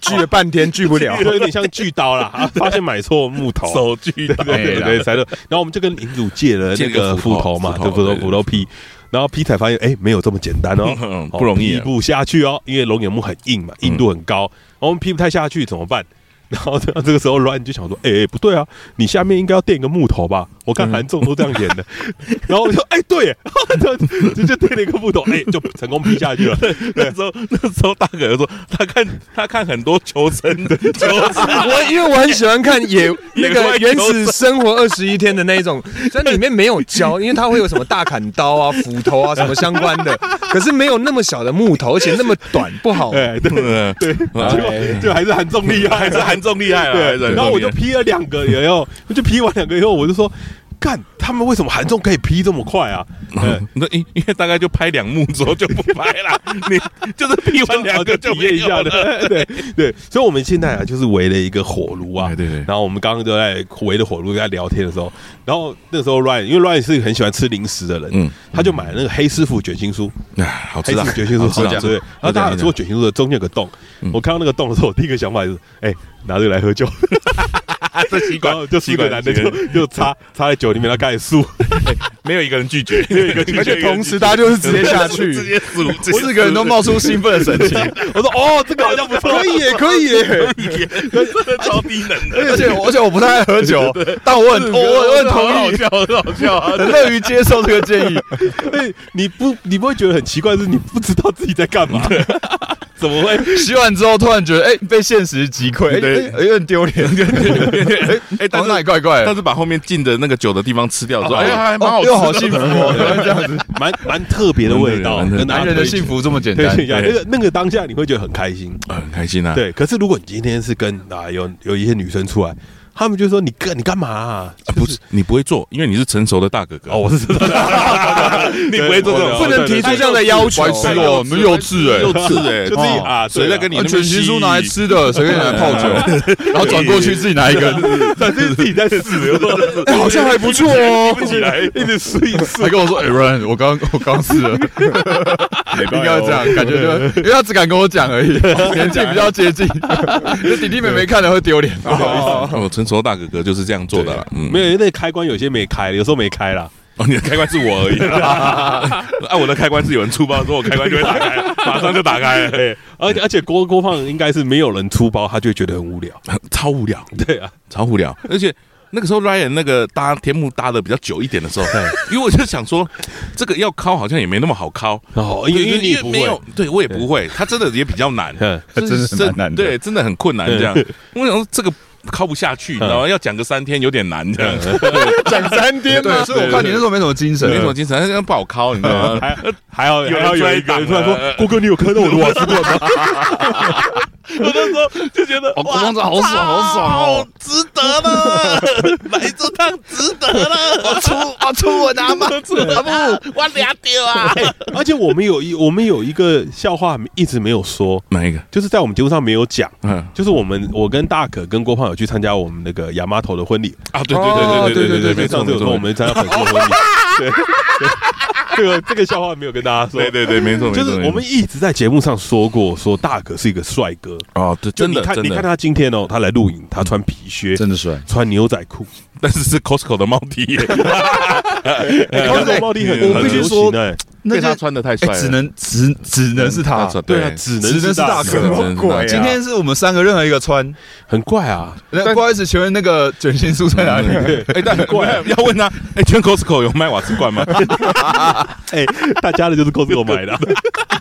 鋸 了半天鋸不了， 有點像鋸刀了、啊。發現買錯木頭、啊， 手鋸對對對材料。然後我們就跟領主借了那個斧頭嘛頭，斧頭斧頭劈。對對對對然後劈才發現，哎，沒有這麼簡單哦、喔嗯，不容易劈、啊欸喔嗯不,啊、不下去哦、喔，因為龍眼木很硬嘛，硬度很高。我們劈不太下去怎麼辦？然後這個時候，Ryan 就想說，哎，不對啊，你下面應該要墊一個木頭吧。我看韓綜都這樣演的， 然後我說：“哎、欸，對，然後他就直接墊了一個木頭，哎、欸，就成功劈下去了。對”對，對那時候那時候大可就說：“他看他看很多求生的求生，我因為我很喜歡看野，野那個《原始生活二十一天》的那一種，雖、嗯、然裡面沒有教，因為它會有什麼大砍刀啊、斧頭啊什麼相關的， 可是沒有那麼小的木頭，而且那麼短不好。對對，就、嗯嗯哎哎、就還是韓綜厲害，還是韓綜厲害啊。 對，對，對，然後我就劈了兩個以後，就劈完兩個以後，我就說。幹，他們為什麼韓中可以批這麼快啊？你、嗯、說因因為大概就拍兩幕之後就不拍了， 你就是批完兩個就 體驗一下的， 對對。所以我們現在啊，就是圍了一個火爐啊，嗯、對，對對。然後我們剛剛就在圍着火爐在聊天的時候。然後那個時候 Ryan，因為 Ryan 是一個很喜歡吃零食的人，嗯，他就買了那個黑師傅卷心酥，嗯、好吃啊，卷心酥好講，對好。然後大家吃過卷心酥的，中間有個洞、嗯，我看到那個洞的時候，我第一個想法就是，哎、欸，拿這個來喝酒，哈哈哈！然後就幾個人就插插在酒裡面來蓋酥、欸沒沒他，沒有一個人拒絕，沒有一個人拒絕，而且同時大家就是直接下去，直接死，四個人都冒出興奮的神情。 我說，哦，這個好像不錯， 可以，可以，耶 可以，耶，超冰冷的，而且而且我不太愛喝酒，對對對但我很、哦、對對對我我。很好笑，很好笑，很樂於接受這個建議。所 以、欸、你不，你不會覺得很奇怪，的是你不知道自己在幹嘛。麼 怎麼會洗碗之後突然覺得，哎、欸，被現實擊潰，哎、欸，哎、欸，有點丟、欸、臉。哎哎、 欸欸，但是也、喔、怪怪，但是把後面浸的那個酒的地方吃掉之後，哎、欸，還，還蠻好吃、喔、又好幸福、喔，這樣子，蠻蠻特別的味道。男人的幸福這麼簡單，對對對對對對對那個那個當下你會覺得很開心，很開心啊。對，可是如果你今天是跟啊有有一些女生出來。他們就說你：“你幹你幹嘛、啊就是啊？”不是你不會做，因為你是成熟的大哥哥。哦，我是成熟的，大哥 你不會做這種，不能提出這樣的要求。對對對對對對對，要怪我，我們幼稚哎，幼稚哎，就自己啊，誰、啊、在跟你？捲心酥拿來吃的，隨便拿來泡酒？然後轉過去自己拿一個，對對對對對對，自己在吃。我說：“哎、欸，好像還不錯哦、喔。來來，”一直試一試。他跟我說：“哎 Ryan 我剛我剛試了。喔”應該要這樣，感覺就因為他只敢跟我講而已，年紀比較接近，你的弟弟妹妹看了會丟臉。不說大哥哥就是這樣做的了，啊嗯、沒有那個、開關有些沒開，有時候沒開啦。哦，你的開關是我而已。啊 啊、我的開關是有人出包，之後我開關就會打開， 馬上就打開了。對，而且而且郭、郭胖應該是沒有人出包，他就會覺得很無聊、嗯，超無聊。對啊，超無聊。而且那個時候 Ryan 那個搭天幕搭的比較久一點的時候，對，因為我就想說，這個要敲好像也沒那麼好敲、哦，因為你也因為不會，對我也不會，他真的也比較難，就是、真，真難的難，對，真的很困難這樣。對對 這樣我想說這個。靠不下去，你知道嗎？嗯、要講個三天有點難的，嗯，講三天嘛。所以我看你那時候沒什麼精神，對對對對，沒什麼精神，那這樣不好靠，你知道嗎？還還，好有還有，有有一個突然說，說、啊、說：“啊、說啊啊郭哥，你有磕到我的晚直播嗎？”我那時候就覺得哇，哇，這好爽，喔，好爽哦，值得了，來、啊啊、這趟值得了，啊、我出，我出我，我他媽，我倆丟啊！而且我們有一，我們有一個笑話一直沒有說，哪一個？就是在我們節目上沒有講，嗯，就是我們，我跟大可跟郭胖有，去參加我們那個亞媽頭的婚禮啊！對對對對對對對,對,對,、哦對,對,對，上次有我們我們參加粉絲婚禮、哦，對，這 個這個笑話沒有跟大家說，對對對，沒錯沒錯， 就是我們一直在節目上說過，說大可是一個帥哥啊，對、哦，真的真的你看他今天哦，他來錄影，他穿皮靴，真的帥，穿牛仔褲。但是是 Costco 的、 欸欸、帽 T，哎，Costco 的帽 T 很很流行，我說，欸、那他穿得太帥、欸，只能只只能是他，能他穿，對、啊對，只，只能是大哥、啊今，啊、今天是我們三個任何一個穿，很怪啊。怪不好意思，請問那個卷心酥在哪裡？哎、嗯欸，但很怪、啊、要問他，哎、欸，今天 Costco 有賣瓦斯罐嗎？哎、 欸，他家的就是 Costco 買的。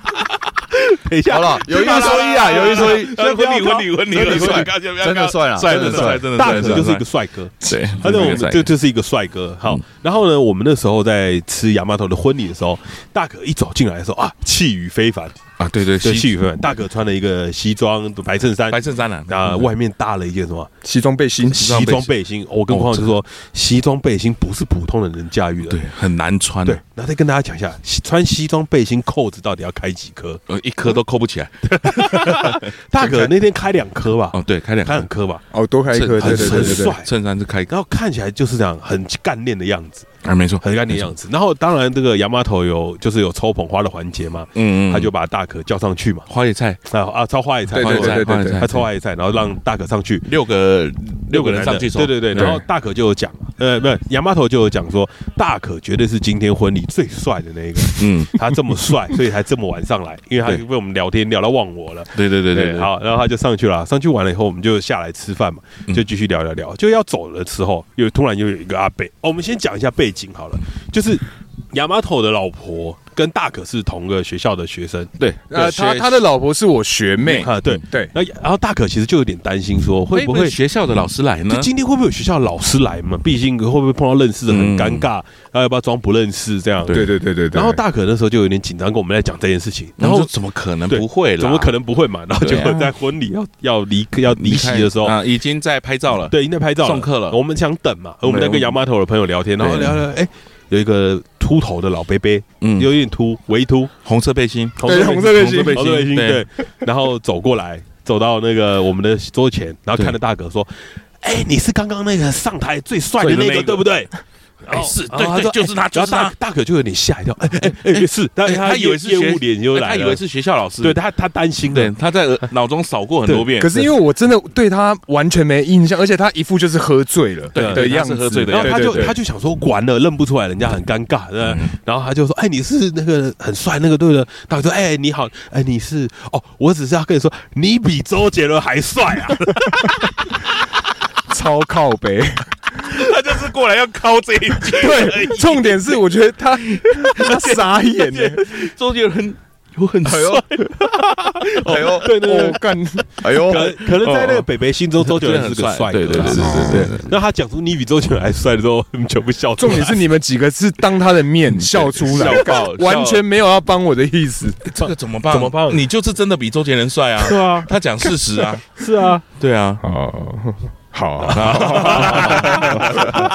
等一下，好了，有一說一啊，有一,一啊有一說一，不要不婚禮？婚禮？婚禮？真的帥啊，帥的帥，真的，、啊、真的，真的，真的大可就是一個帥哥，哥，對，他就我們就就是一個帥哥。哥哥好，然後呢，我們那時候在吃亞麻頭的婚禮的時候，大可一走進來的時候啊，氣宇非凡。啊，對對，氣氛。大哥穿了一個西裝白襯衫，白襯衫然、啊、後、呃、外面搭了一件什麼西裝背心？西裝背心。我跟朋友就說、哦這個，西裝背心不是普通人能駕馭的，對，很難穿、啊。對，那再跟大家講一下，穿西裝背心扣子到底要開幾顆？呃，一顆都扣不起來。嗯、 大哥那天開兩顆吧？哦，對，開兩顆開兩顆吧？哦，多開一顆，很很帥。襯衫對。開，然後看起來就是這樣很幹練的樣子。啊，沒錯，很幹的樣子。然後，當然這個楊媽頭有就是有抽捧花的環節嘛、嗯，嗯他就把大可叫上去嘛，花野菜啊啊，抽花野菜，花野菜，花野菜，他抽花野菜，然後讓大可上去，六個六個人上去，對對對，對，然後大可就有講，嗯、呃，不是楊媽頭就有講說，大可絕對是今天婚禮最帥的那個，嗯，他這麼帥，所以才這麼晚上來，因為他就被我們聊天聊到忘我了，對對對對，對，好，然後他就上去了、啊，上去完了以後，我們就下來吃飯嘛，就繼續聊聊聊，就要走的時候，又突然又有一個阿伯，我們先講一下背景。好了，就是。亞 Yamato 的老婆跟大可是同個學校的學生，對、對，呃、啊，他他的老婆是我學妹哈、啊，對、嗯、對，然後大可其實就有點擔心說會會，說會不會學校的老師來呢？嗯、就今天會不會有學校的老師來嘛？畢、嗯、竟會不會碰到認識的很尷尬、嗯，要不要裝不認識這樣？對對對對對。然後大可那時候就有點緊張，跟我們在講這件事情。然後,然後就怎麼可能不會？了？怎麼可能不會嘛？然後就會在婚禮要要離要離席的時候啊，已經在拍照了，對，已經在拍照了送客了。我們想等嘛，我們在跟亞 Yamato 的朋友聊天，然後聊聊，哎、欸，有一個。禿頭的老伯伯，嗯，又有點禿，微禿、嗯，紅色背心，對，紅色背心，紅色背心，背心對，對，然後走過來， 走到那個我們的桌前，然後看着大哥說：“哎、欸，你是剛剛那個上台最帥的、那個、那個，對不對？”哎、欸，是，哦、對、哦他說欸，就是他，主要大大可就有點嚇一跳，哎哎哎，是，但、欸、他以為是業務臉、欸、他以為是學校老師，對他他擔心的，他在腦中掃過很多遍。可是因為我真的對他完全沒印象，而且他一副就是喝醉了對，一樣是喝醉的，然後他就對對對對他就想說完了認不出來，人家很尷尬，對吧。然後他就說，哎、欸，你是那個很帥那個對不對？大可說，哎、欸，你好，哎、欸，你是，哦，我只是要跟你說，你比周杰倫還帥啊 超靠北。過來要敲這一句。 對，重點是我覺得他 他傻眼嘞，周杰倫有很帥、啊。哎呦，對對，個幹，哎呦，可、喔哎、可能在那個北北心中、哎啊，周杰倫是個帥。對對對對對，那他講出你比周杰倫還帥的時候，你全部笑出來。重點是你們幾個是當他的面笑，笑出來， 完全沒有要幫我的意思。這個怎麼辦？怎麼辦？你就是真的比周杰倫帥啊！是啊，他講事實啊，是啊，對啊。 好、啊，啊啊啊啊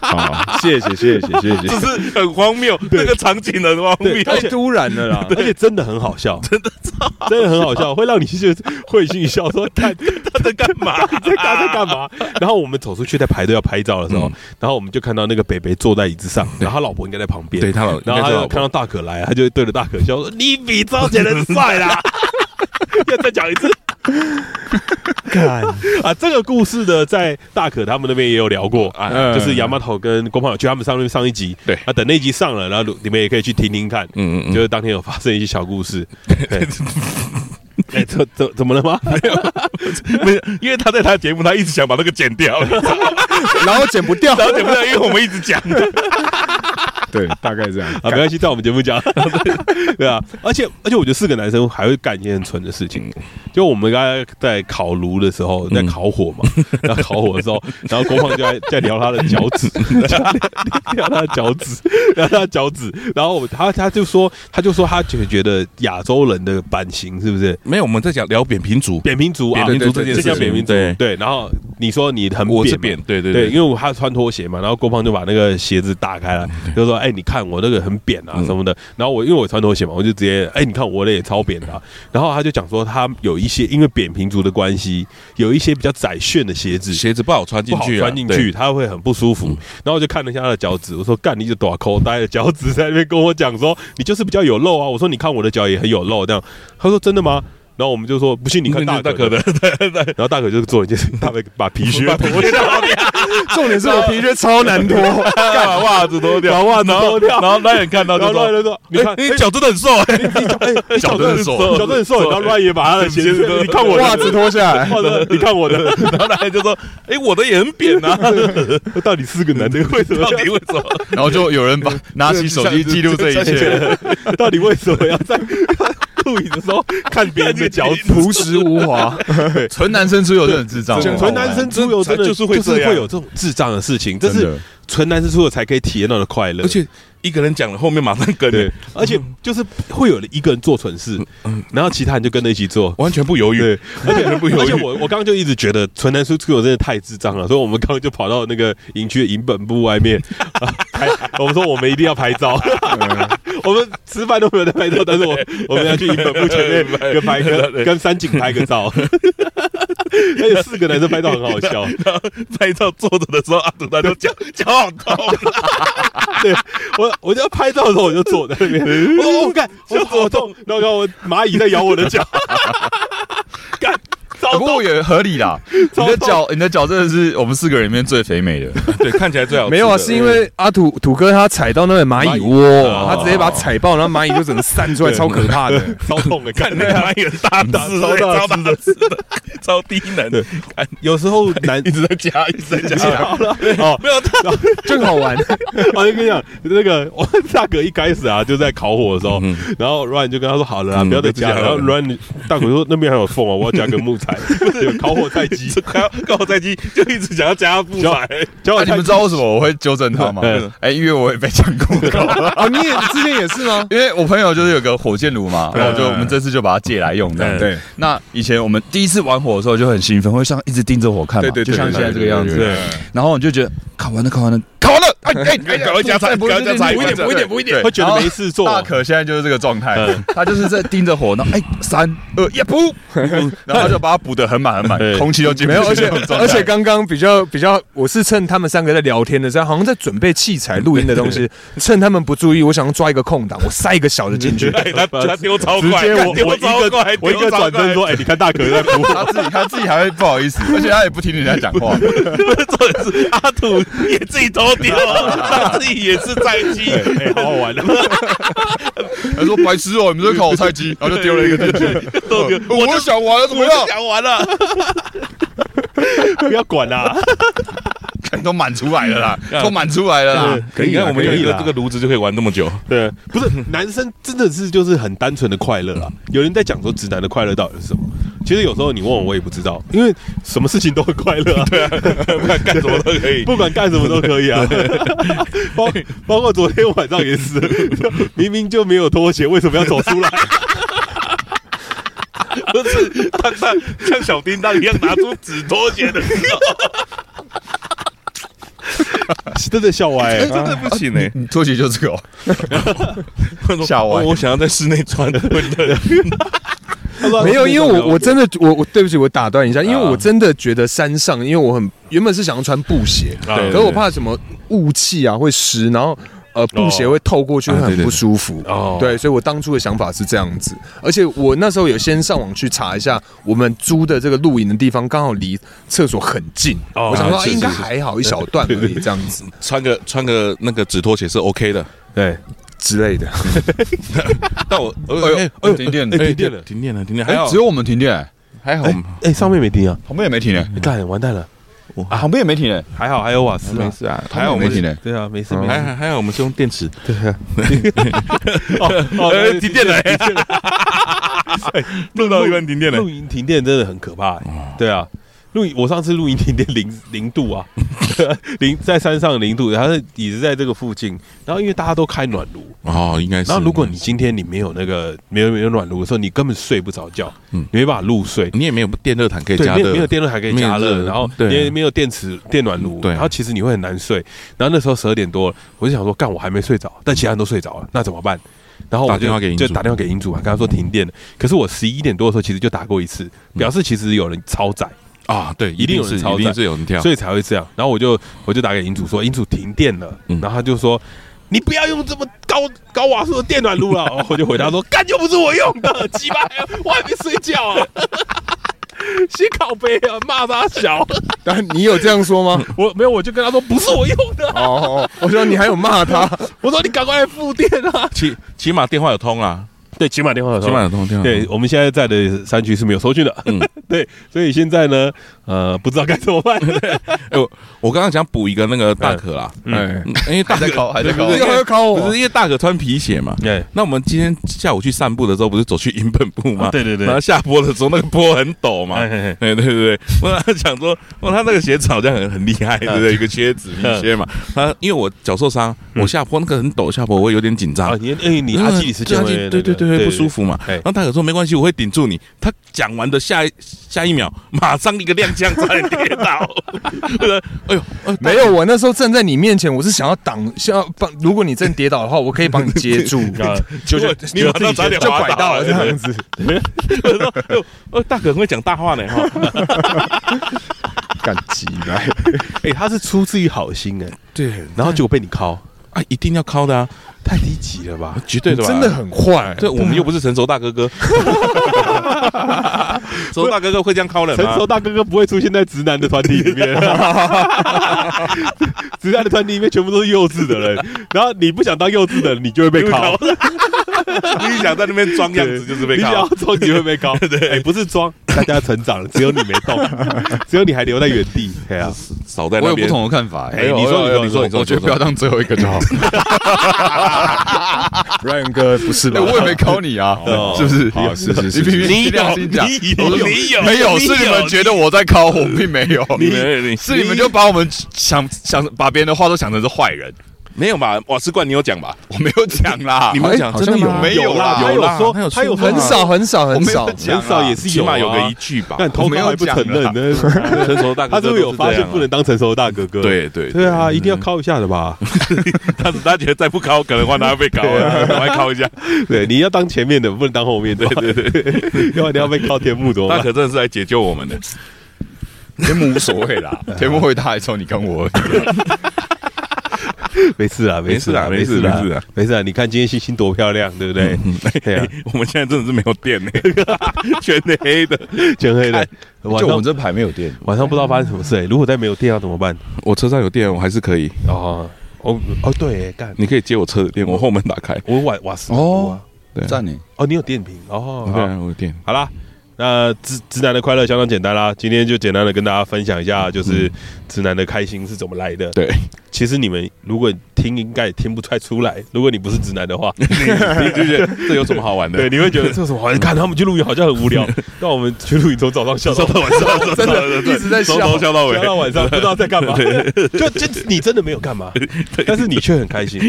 啊啊、謝謝謝謝謝謝。只是很荒謬，那個場景很荒謬，太突然了啦，而且真的很好笑，真的超，真的很好笑，會讓你就是會心一笑，說他他在幹嘛？在幹嘛？然後我們走出去在排隊要拍照的時候，然後我們就看到那個北北坐在椅子上，然後他老婆應該在旁邊，對，他老婆，然後他就看到大可來，他就對着大可笑說 ：“ 你比周杰倫帥啦。 ”要再講一次 啊！這個故事呢，在大可他們那邊也有聊過啊、嗯，就是楊馬頭跟郭胖有去他們上面上一集，對，那、啊、等那集上了，然後你們也可以去聽聽看，嗯嗯，嗯就是當天有發生一些小故事。哎、 欸，怎麼了嗎？沒有，沒有，因為他在他節目，他一直想把那個剪掉， 然後剪不掉， 然後剪不掉，因為我們一直講。 對，大概這樣啊，沒關係，在我們節目講， 對啊，而且而且我覺得四個男生還會幹一件蠢的事情，嗯、就我們剛剛在烤爐的時候，在烤火嘛，後、嗯、烤火的時候， 然後郭胖就在在聊他的腳趾， 趾，聊他的腳趾，聊他的腳趾，然後他他就說，他就說他就覺得亞洲人的版型是不是？沒有，我們在講聊扁平足，扁平足啊，扁平足這件事情，對對，然後你說你很扁嗎？我是扁，對對對，對，對，因為，他穿拖鞋嘛，然後郭胖就把那個鞋子打開了，就說。哎、欸，你看我那個很扁啊，什麼的。然後我因為我穿拖鞋嘛，我就直接哎、欸，你看我的也超扁的、啊。然後他就講說，他有一些因為扁平足的關係，有一些比較窄楦的鞋子，啊、鞋子不好穿進去，穿進去他會很不舒服、嗯。然後我就看了一下他的腳趾，我說幹，你就短口呆的腳趾在那邊跟我講說，你就是比較有肉啊。我說你看我的腳也很有肉，這樣。他說真的嗎？然後我們就說，不信你看、嗯、大可的。然後大可就做一件事，他把皮靴脫掉。重點是我皮靴超難脫。把襪子脫掉。然後，然後大爺看到說，說你看、欸你欸你：“你看，欸、你腳真的很瘦，你腳，你腳很瘦，腳很瘦。”然後大也把他的鞋子脫，你看我襪子脫下來，你看我的。然後大爺就說：“哎，我的也很扁啊， 到底是個男的？為什麼？ 為什麼 ？”然後就有人把 拿起手機記錄這一切。 到底為什麼要這樣？坐椅的時候 看別人的腳樸實無華，純男生出遊就很智障。純男生出遊真的，就是，真的就是會有這種智障的事情，這是純男生出遊才可以體驗到的快樂，而且。一個人講了，後面馬上跟，對，而且就是會有一個人做蠢事，嗯，嗯，然後其他人就跟着一起做，完全不猶豫，對，而、嗯、且不猶豫。而且， 而且我我剛剛就一直覺得純男生出國真的太智障了，所以我們剛剛就跑到那個營區的營本部外面，啊、拍， 我們說我們一定要拍照， 我們吃飯都沒有在拍照，但是我我們要去營本部前面拍個，跟三井拍個照， 而且四個男生拍照很好笑， 拍照坐着的時候阿祖他都腳腳好痛，啊。 對我。我就要拍照的時候，我就坐在那邊、 哦，我我我，我我動， 然後我螞蟻在咬我的腳。 不過也合理啦，你的腳你的腳真的是我們四個人裡面最肥美的， 對，看起來最好。沒有啊，是因為阿土土哥他踩到那個螞蟻窩，他直接把它踩爆，然後螞蟻就整個散出來，超可怕的、嗯，超痛的、欸， 看那個螞蟻大大很的，超大的超大的超大的超低能。哎、有時候男 一直在加，一直在加、嗯，好了，哦，沒有，真 好玩。我就跟你講，那個我大哥一開始啊，就在烤火的時候、嗯，然後 Ryan 就跟他說好了，嗯、不要再加，然後 Ryan 大哥說那邊還有縫啊，我要加根木材。 有烤火太急，烤 火太急就一直想要加布來。小、啊、你們知道為什麼我會糾正他嗎？哎、欸，因為我也被講過。 哦，你也之前也是嗎？因為我朋友就是有個火箭爐嘛，對對對然後就我們這次就把它借來用這樣對對對。對，那以前我們第一次玩火的時候就很興奮，會像一直盯着火看嘛，對對,對,對對，就像現在這個樣子。對對對對對對對對然後你就覺得烤完了，烤完了，烤完了。哎，趕快加彩，不加彩，補一點，補一點，補一點，會覺得沒事做。大可現在就是這個狀態、嗯，他就是在盯着火，然後。哎，三二一，補，然後,、欸、 也 然後他就把它補得很滿很滿，空氣就進去。沒有，而且而且剛剛比較比較，我是趁他們三個在聊天的時候，好像在準備器材、錄音的東西對對對，趁他們不注意，我想要抓一個空檔，我塞一個小的進去，就是、他丟超快，直接我我一個來，我一個轉身說：“哎、 欸，你看大可在補，他自己他自己還會不好意思，而且他也不聽人家講話。”重點是阿土也自己都丟。上 次也是菜雞、 欸欸，好好玩的。他 說：“白痴哦、喔，你們在烤我菜雞。”然後就丟了一個進去、 欸，我就想玩了，怎麼樣？想玩了，不要管啦， 都滿出來了啦，都滿出來了啦。 嗯嗯、可以我們有了這個爐子就可以玩那麼久。對，不是 男生真的是就是很單純的快樂啦。有人在講說，直男的快樂到底是什麼？其實有時候你問我，我也不知道，因為什麼事情都會快樂、啊 對啊，不管幹什麼都可以， 不管幹什麼都可以啊 包。包括昨天晚上也是，明明就沒有拖鞋，為什麼要走出來？就 是像小叮當一樣拿出紙拖鞋的， 知道 真的笑歪、欸欸，真的不行呢、欸。啊、拖鞋就這個，歪、 哦。我想要在室內穿的， 沒有，因為我我真的我我對不起，我打斷一下，因為我真的覺得山上，因為我很原本是想要穿布鞋，對，對，可是我怕什麼霧氣啊會濕，然後呃布鞋會透過去會很不舒服、哦啊對對哦，對，所以我當初的想法是這樣子，而且我那時候有先上網去查一下，我們租的這個露營的地方剛好離廁所很近，哦、我想說、啊、應該還好一小段而已，對對對，這樣子，穿個穿個那個紙拖鞋是 OK 的，對。之類的， 但我哎呦哎呦，停電了！停電了！停電了！停電！還好只有我們停電？還好？哎，上面沒停啊，旁邊也沒停電。哎，完蛋了！啊，旁邊也沒停電，還好還有瓦斯，沒事啊。還好我們沒停電，對啊，沒事，還還還好我們是用電池。對，停電了！弄到一半停電了，露營停電真的很可怕、欸。對啊。露營，我上次露營停電零零度啊， 零在山上零度，然後椅子在這個附近，然後因為大家都開暖爐哦，應該是。然後如果你今天你沒有那個沒有沒有暖爐的時候，你根本睡不着覺，嗯，你沒辦法入睡，你也沒有電熱毯可以加熱，沒有電熱毯可以加熱，然後你也沒有電池電暖爐，對。然後其實你會很難睡，然後那時候十二點多我就想說，幹我還沒睡着，但其他人都睡着了，那怎麼辦？然後我就打電話給就打電話給營主嘛，跟他說停電了。可是我十一點多的時候其實就打過一次，表示其實有人超載。嗯啊，對，一定有人，一定是有人跳，所以才會這樣。然後我就我就打給營主說，營主停電了。嗯，然後他就說，你不要用這麼高高瓦數的電暖爐了。 我就回他說，幹就不是我用的，雞巴，我還沒睡覺啊，先拷杯啊，罵他小。 但你有這樣說嗎？我沒有，我就跟他說，不是我用的啊。哦 ，oh, oh, oh, 我說你還有罵他，我說你趕快來復電啊，起起碼電話有通啊。對，起碼電話有，起碼通電話通。對，我們現在在的山區是沒有收訊的。嗯， 對，所以現在呢，呃，不知道該怎麼辦。哎， 我剛剛想補一個那個大可啦，哎、嗯嗯，因為大可還在烤，可是，對對對，是因為大可穿皮鞋嘛。對，那我們今天下午去散步的時候，不是走去營本部嘛？對對對。然後下坡的時候，那個坡很陡嘛。哎對對對。我 他想說，哇，他那個鞋子好像很很厲害，對對？一個靴子，皮靴嘛。他因為我腳受傷，我下坡那個很陡，下坡我有點緊張。你哎，你阿基你阿基里斯腱，對對對。啊對對對對對對就會不舒服嘛？然後大可說：“沒關係，我會頂住你。”他講完的下一下一秒，馬上一個踉蹌在跌倒 。 哎呦、呃，沒有，我那時候站在你面前，我是想要擋，想要幫。如果你真跌倒的話，我可以幫你接住， 的如 就就就就就拐到了這樣子。我說：“大可很會講大話呢。”哈，感激來。哎，他是出自於好心哎、欸。對。然後結果被你敲。 啊，一定要考的啊！太低級了吧，絕對的吧，真的很壞、欸。這我們又不是成熟大哥哥， 成熟大哥哥會這樣考人嗎？成熟大哥哥不會出現在直男的團體裡面 直男的團體裡面全部都是幼稚的人。然後你不想當幼稚的人，你就會被考。 因為尬笑 你想在那邊裝樣子，就是被考；超級會被考。對，哎、 欸，不是裝，大家成長了，只有你沒動， 只有你還留在原地，對啊、少在那邊。我有不同的看法。哎、欸欸，你說，欸、你，說你，說你，說你說，我覺得不要當最後一個就好。 Ryan 哥，不是吧？欸、我也沒考你啊， 是不是？好你好是是是是你講，我有，沒有，有？是你們覺得我在考我，並沒有。你有，是你們就把我們想想，想把別人的話都想成是壞人。沒有吧，瓦斯罐你有講吧？我沒有講啦，你們講、欸、真的嗎沒有，沒有啦？有啦，他有，他有，他有，很少很少很少，很少也是有碼、啊、有個一句吧。但頭沒頭還不承認，是 成熟大哥、哥，他是不是有發現不能當成熟的大哥哥。 對對對啊， 對對對對 一定要靠一下的吧？ 他他覺得再不靠，可能話他要被搞了，趕快靠一下。對， 你要當前面的，不能當後面。對對對，要不你要被靠天幕的， 他可真的是來解救我們的。天幕無所謂啦，天幕會大，還說你跟我。沒事啊，沒事啊，沒事啊，沒事啊，沒事啊！你看今天星星多漂亮，對不對？呵呵對啊、我們現在真的是沒有電呢， 全黑的，全黑的。就我們這排沒有電，晚上不知道發生什麼事哎。如果再沒有電要怎麼辦？我車上有電，我還是可以。哦，哦哦對，幹你可以接我車的電，哦、我後門打開。我瓦瓦斯哦，對、啊，讚你哦，你有電瓶哦，對、啊，我有電。好啦。那直直男的快樂相當簡單啦，今天就簡單的跟大家分享一下，就是直男的開心是怎麼來的。對、嗯，其實你們如果聽，應該也聽不太出來。如果你不是直男的話，嗯、 你就覺得這有什麼好玩的？對，你會覺得這有什麼好玩的？ 看他們去錄影好像很無聊， 但我們去錄影從早上到到笑到晚上， 真的一直在笑，從笑到尾，笑到晚上不知道在幹嘛。對對對對就就你真的沒有幹嘛，對對對對但是你卻很開心。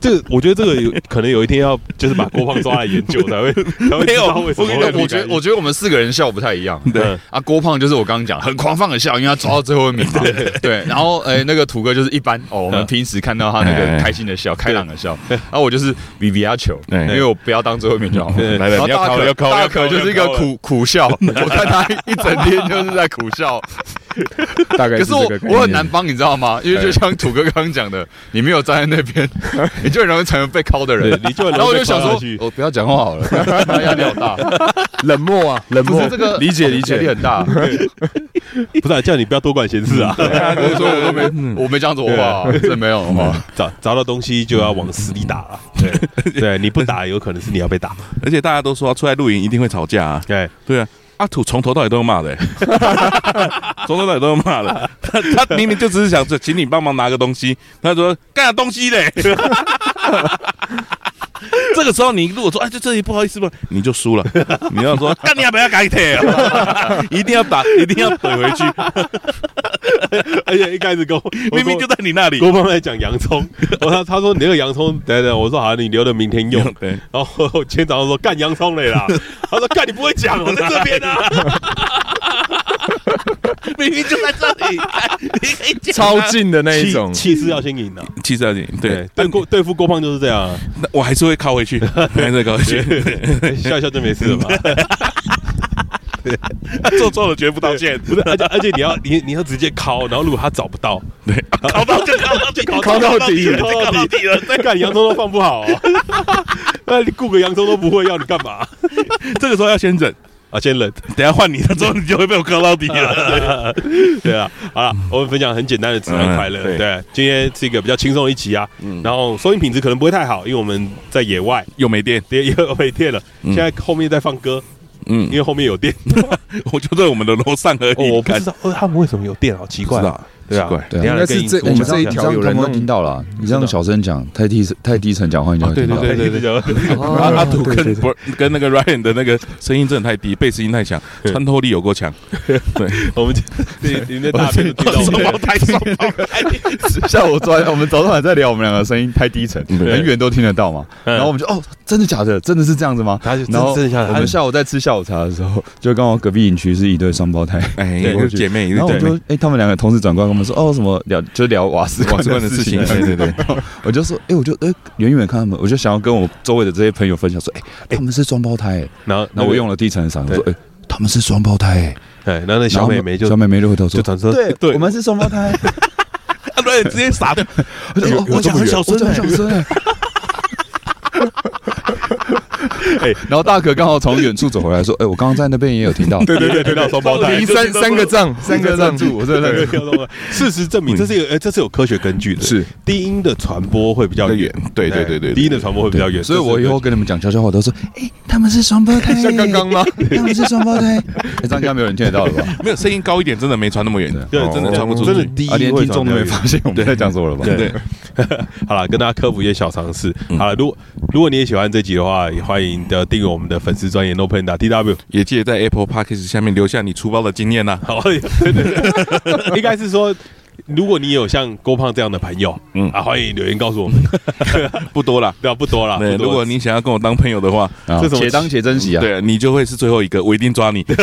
這 我覺得這個有可能有一天要就是把郭胖抓來研究， 才會才會知道為什麼。我覺得，覺我覺得我們是。四個人笑不太一樣，啊對，對啊，郭胖就是我剛剛講很狂放的笑，因為他抓到最後一名，對，對然後哎，那個土哥就是一般哦，我們平時看到他那個開心的笑、開朗的笑對，然後我就是比比阿球，因為我不要當最後一名就好，對，對然後大可大可就是一個苦苦笑，我看他一整天就是在苦笑。 大概可，可是我我很難幫，你知道嗎？因為就像土哥剛剛講的，你沒有站在那邊，你就很容易成為被銬的人。你就很然後我就想說，我、哦、不要講話好了，壓 力好大，冷漠啊，冷漠。這個理解、哦、理解力很大，不是、啊、叫你不要多管閒事啊。我、啊、說我都沒、 嗯，我沒這講錯話，這沒有好不好？找找到東西就要往死裡打、啊，對對，你不打有可能是你要被打。而且大家都說、啊、出來露營一定會吵架啊，對對啊。阿土從頭到尾都有罵的、欸，從頭到尾都有罵的。他明明就只是想說請你幫忙拿個東西，他說幹東西嘞？ 這個時候你如果說，哎，就這這不好意思嘛，不你就輸了。你要說，幹，你 要不要改掉，一定要打，一定要懟回去。 而且一開始跟我，明明就在你那裡，郭胖來講洋蔥，我、 哦、他，他說你那個洋蔥等等，我說好，你留着明天用、用。對，然後今天早上說，幹洋蔥來了啦， 他說，幹你不會講，我在這邊呢、啊。 明明就在這裡，超近的那一種氣勢要先贏了，氣勢要贏。對，對，郭對付郭胖就是這樣，我還是會靠回去，還是靠回去，笑一笑就沒事了嘛。他做錯了絕不道歉，而、而且你要你你要直接靠，然後如果他找不到，對，靠到就靠到最靠到底了，再看洋蔥都放不好，那你顧個洋蔥都不會要你幹嘛？這個時候要先整。啊，先冷，等下換你的時候，你就會被我割到底了、 啊對啊對啊。對啊，好了，嗯，我們分享很簡單的自然快樂。嗯嗯，對，對，今天是一個比較輕鬆的一集啊。嗯。然後收音品質可能不會太好，因為我們在野外、嗯，在野外又沒電，第又沒電了。嗯。現在後面在放歌。嗯。因為後面有電。嗯、 我覺得我們的樓上而已我不知道、 呃，他們為什麼有電？好奇怪。是啊。對啊，對啊，對，啊，是這、欸、我們這一條有人剛聽到了、啊，你這樣小聲講太低太低沉講話你就會聽到。對對對對、啊、對，對，對，阿杜、oh, 啊啊啊、跟對對對跟那個 Ryan 的那個聲音真的太低，貝斯音太強，穿透力有夠強。對，我們對您那大雙胞胎雙胞胎，胞胎胞胎 下午專，我們早晚在聊我們兩個聲音太低沉，很遠都聽得到嘛。然後我們就哦，真的假的？真的是這樣子嗎？然後我們下午在吃下午茶的時候，就剛好隔壁飲區是一對雙胞胎，一對姐妹對。就哎，他們兩個同時轉過來。我們說哦，什麼聊，就聊瓦斯、瓦斯罐的事情，對對對， 我就說哎、欸，我就哎遠遠看他們，我就想要跟我周圍的這些朋友分享說，欸，哎他們是雙胞胎，欸，然後那我用了低沉的嗓子說，哎，他們是雙胞胎，哎，然後那小妹妹就，小妹妹就回頭說，就轉身對對，對，我們是雙胞胎，不然直接傻掉，欸喔，我講小聲，欸，小聲、欸。 哎， 然後大可剛好從遠處走回來，說：“哎、欸，我剛剛在那邊也有聽到。”對對對，對，對，聽到雙胞胎。三三個帳，三個帳住！我真的。事實證明，這是有哎、嗯欸，這是有科學根據的。是低音的傳播會比較遠。嗯、對對對，對，對，對，對，對，對，對，對低音的傳播會比較遠。所以，我以後跟你們講悄悄話，都說：“哎，他們是雙胞胎。”剛剛嗎？他們是雙胞胎。哎，剛剛沒有人聽到了吧？沒有，聲音高一點，真的沒傳那麼遠的。對，真的傳不出，真的低，連聽眾都沒發現。我們在講什麼了吧？對對。好了，跟大家科普一些小常識。好了，如果如果你也喜歡這集的話，也歡。歡迎的訂閱我們的粉絲專頁 No Plan TW，也記得在 Apple Podcast 下面留下你出包的經驗啦、啊。好，對對對 應該是說，如果你有像郭胖這樣的朋友，嗯啊，歡迎留言告訴我們。 不多了啦， 對、啊，不多了。如果你想要跟我當朋友的話，這種，且當且珍惜啊。對啊，你就會是最後一個，我一定抓你。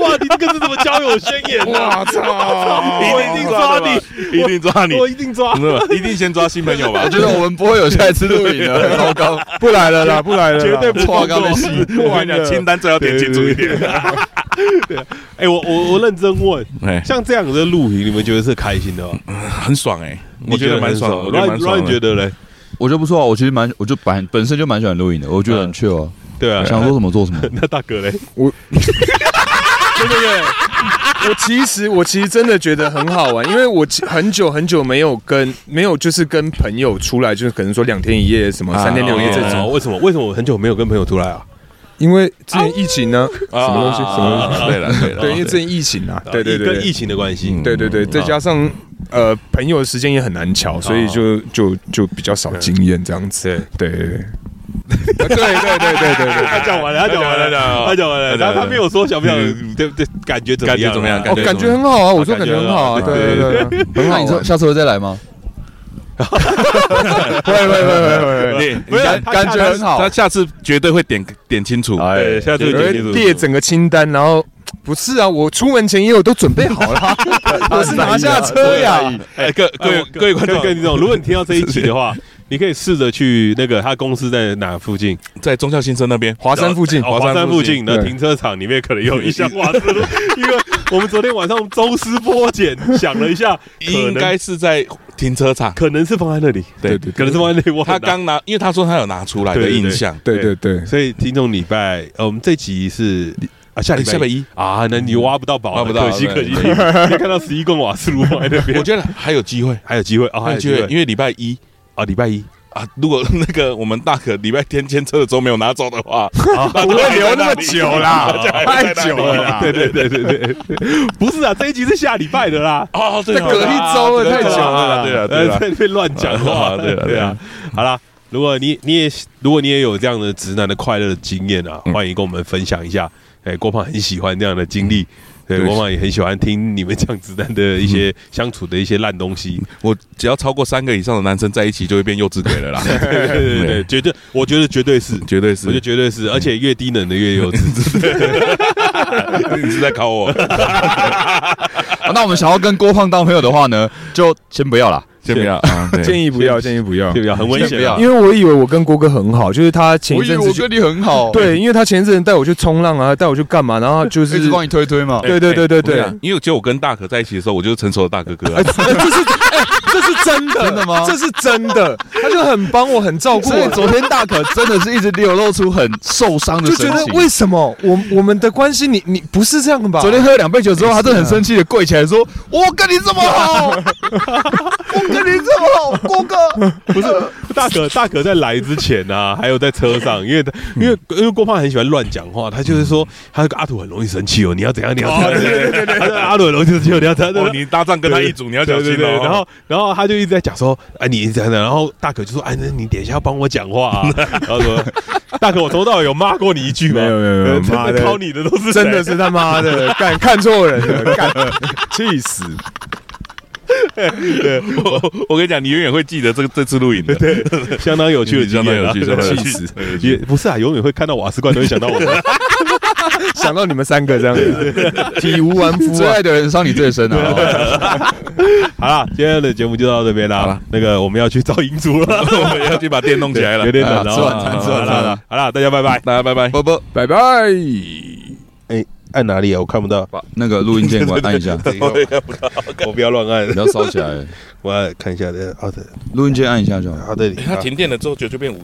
哇，你這個是怎麼交友宣言呢、啊？哇操！哇操我一定抓你，一定抓你，我，我一定抓，你。一定先抓新朋友吧。 我覺得我們不會有下一次錄影的，糟 糕，不來了啦，不來了絕，絕對啊，糕的戲。我跟你講，清單最好點清楚一點。對，對，哎，我我我認真問，哎，像這樣子的錄影你們覺得是開心的嗎？很爽哎、欸，我覺得蠻爽，的。我得蠻覺得嘞。我覺得不錯，我其實蠻，我就本本身就蠻喜歡錄影的，我覺得很 chill 哦、啊嗯。對啊，想做什麼做什麼。 那大哥嘞，我 對對對，我其實我其實真的覺得很好玩，因為我很久很久沒有跟沒有就是跟朋友出來，就是可能說兩天一夜什麼、啊、三天兩夜這種。啊哦、為什麼為什麼我很久沒有跟朋友出來啊？因為之前疫情呢，啊、什麼東西、啊、什麼對了對、對、 對，因為之前疫情啊，對對對、對、對、對，跟疫情的關係，嗯、對對對，再加上、嗯、呃朋友的時間也很難喬，所以就就就比較少經驗、嗯、這樣子，對。對 對對對對對，對，他講完了，他講完了，講他講完了，完了完了對對對，然後他沒有說想不想，對，對對，感覺怎麼樣，樣？感覺怎麼樣，感覺很好啊，啊，我說感覺很好啊，啊，對，對，對對對，那你說下次會再來嗎？對，對，對，對。會，不是，感覺很好，啊，他下次絕對會點點清楚，哎，下次會點對對對，列整個清單，然後不是啊，我出門前也有都準備好了， 啊、我是拿下車呀，啊啊啊啊啊啊，哎，各位各位各位觀眾，如果你聽到這一集的話。你可以試着去那個他公司在哪附近？在忠孝新村那邊，華山附近，華、哦哦、山附近的停車場裡面可能有一箱瓦斯。 因為我們昨天晚上抽絲剝繭想了一下，應該是在停車場，可能是放在那裡，對對，對對，可能是放在那裡。我他剛拿，因為他說他有拿出來的印象，對對對。所以聽眾禮拜，呃、嗯，我、嗯、們這一集是啊，下禮拜一啊，那你挖不到寶、啊，挖不到，可惜可惜。對對對對對對，可以看到十一個瓦斯爐在那邊，我覺得還有機會，還有機會哦，還有機會，會，因為禮拜一。啊、哦，禮拜一啊！如果那個我們大可禮拜天監測的時候沒有拿走的話，不、啊、會留那麼久啦。太、啊、久、啊、了啦。對對對對對，不是啊，這一集是下禮拜的啦。哦、啊，對、啊、隔一周了，太久了對、啊對啊對，對啊，對啊，對啊，別亂講啊，對啊，對啊。好了，如果你你也如果你也有這樣的直男的快樂的經驗啊，歡迎跟我們分享一下。哎、欸，郭胖很喜歡這樣的經歷。對，我嘛也很喜歡聽你們這樣子彈的一些相處的一些爛東西、嗯。我只要超過三個以上的男生在一起，就會變幼稚鬼了啦。 對對對，對，對，絕對，我覺得絕對是，絕對是，我覺得絕對是，嗯、而且越低能的越幼稚。 對你是在考我 好，那我們想要跟郭胖當朋友的話呢，就先不要啦。先不要、啊對，建議不要，建議不要，不要，很危險。不要，因為我以為我跟郭哥很好，就是他前一陣子，我覺得你很好對。對，因為他前一陣子帶我去衝浪啊，帶我去幹嘛，然後就是一直幫你推推嘛。對對對對對,對、啊欸欸 OK。因為我覺得我跟大可在一起的時候，我就是成熟的大哥哥哎、啊欸，這是、欸，這是真的，真的嗎？這是真的。他就很幫我很照顧我。所以昨天大可真的是一直流露出很受傷的神情。就覺得為什麼我們我們的關係你你不是這樣的吧？昨天喝了兩杯酒之後、欸啊，他就很生氣的跪起來說：“我跟你這麼好。 ” 你這麼好，郭哥？ 不是大可大可，大可在來之前呢、啊，還有在車上，因為他因為因為郭胖很喜歡亂講話，他就是說他阿土很容易生氣哦，你要怎樣、哦、你要怎樣對對、對、對對，阿土很容易生氣、哦，你要他、哦哦，你搭帳跟他一組，你要怎樣？然後然後他就一直在講說，哎、啊、你在那，然後大可就說，哎、啊、那你等一下要幫我講話啊。然後說， 大可我從頭到尾有罵過你一句嗎？沒有沒有沒有，罵的操你的都是真的是他媽的幹看錯人了，氣 死。我 我跟你講，你永遠會記得這個這次錄影的，相當有趣的經、啊、相當有趣。氣死，也不是啊，永遠會看到瓦斯罐都會想到我們 想到你們三個這樣子體無完膚啊， 最愛的人傷你最深啊。 好了，今天的節目就到這邊啦，那個我們要去找營主了， 我們要去把電弄起來了， 有點暖吃晚餐吃晚餐了，好了，大家拜拜，大家拜拜，波波拜拜，拜。按哪裡啊？我看不到、啊、那個錄音鍵，我按一下，對對對一下我我。我，我不要亂按，你要燒起來。我看一下，對，好錄音鍵按一下就好了、欸。他停電了之後，就就變五。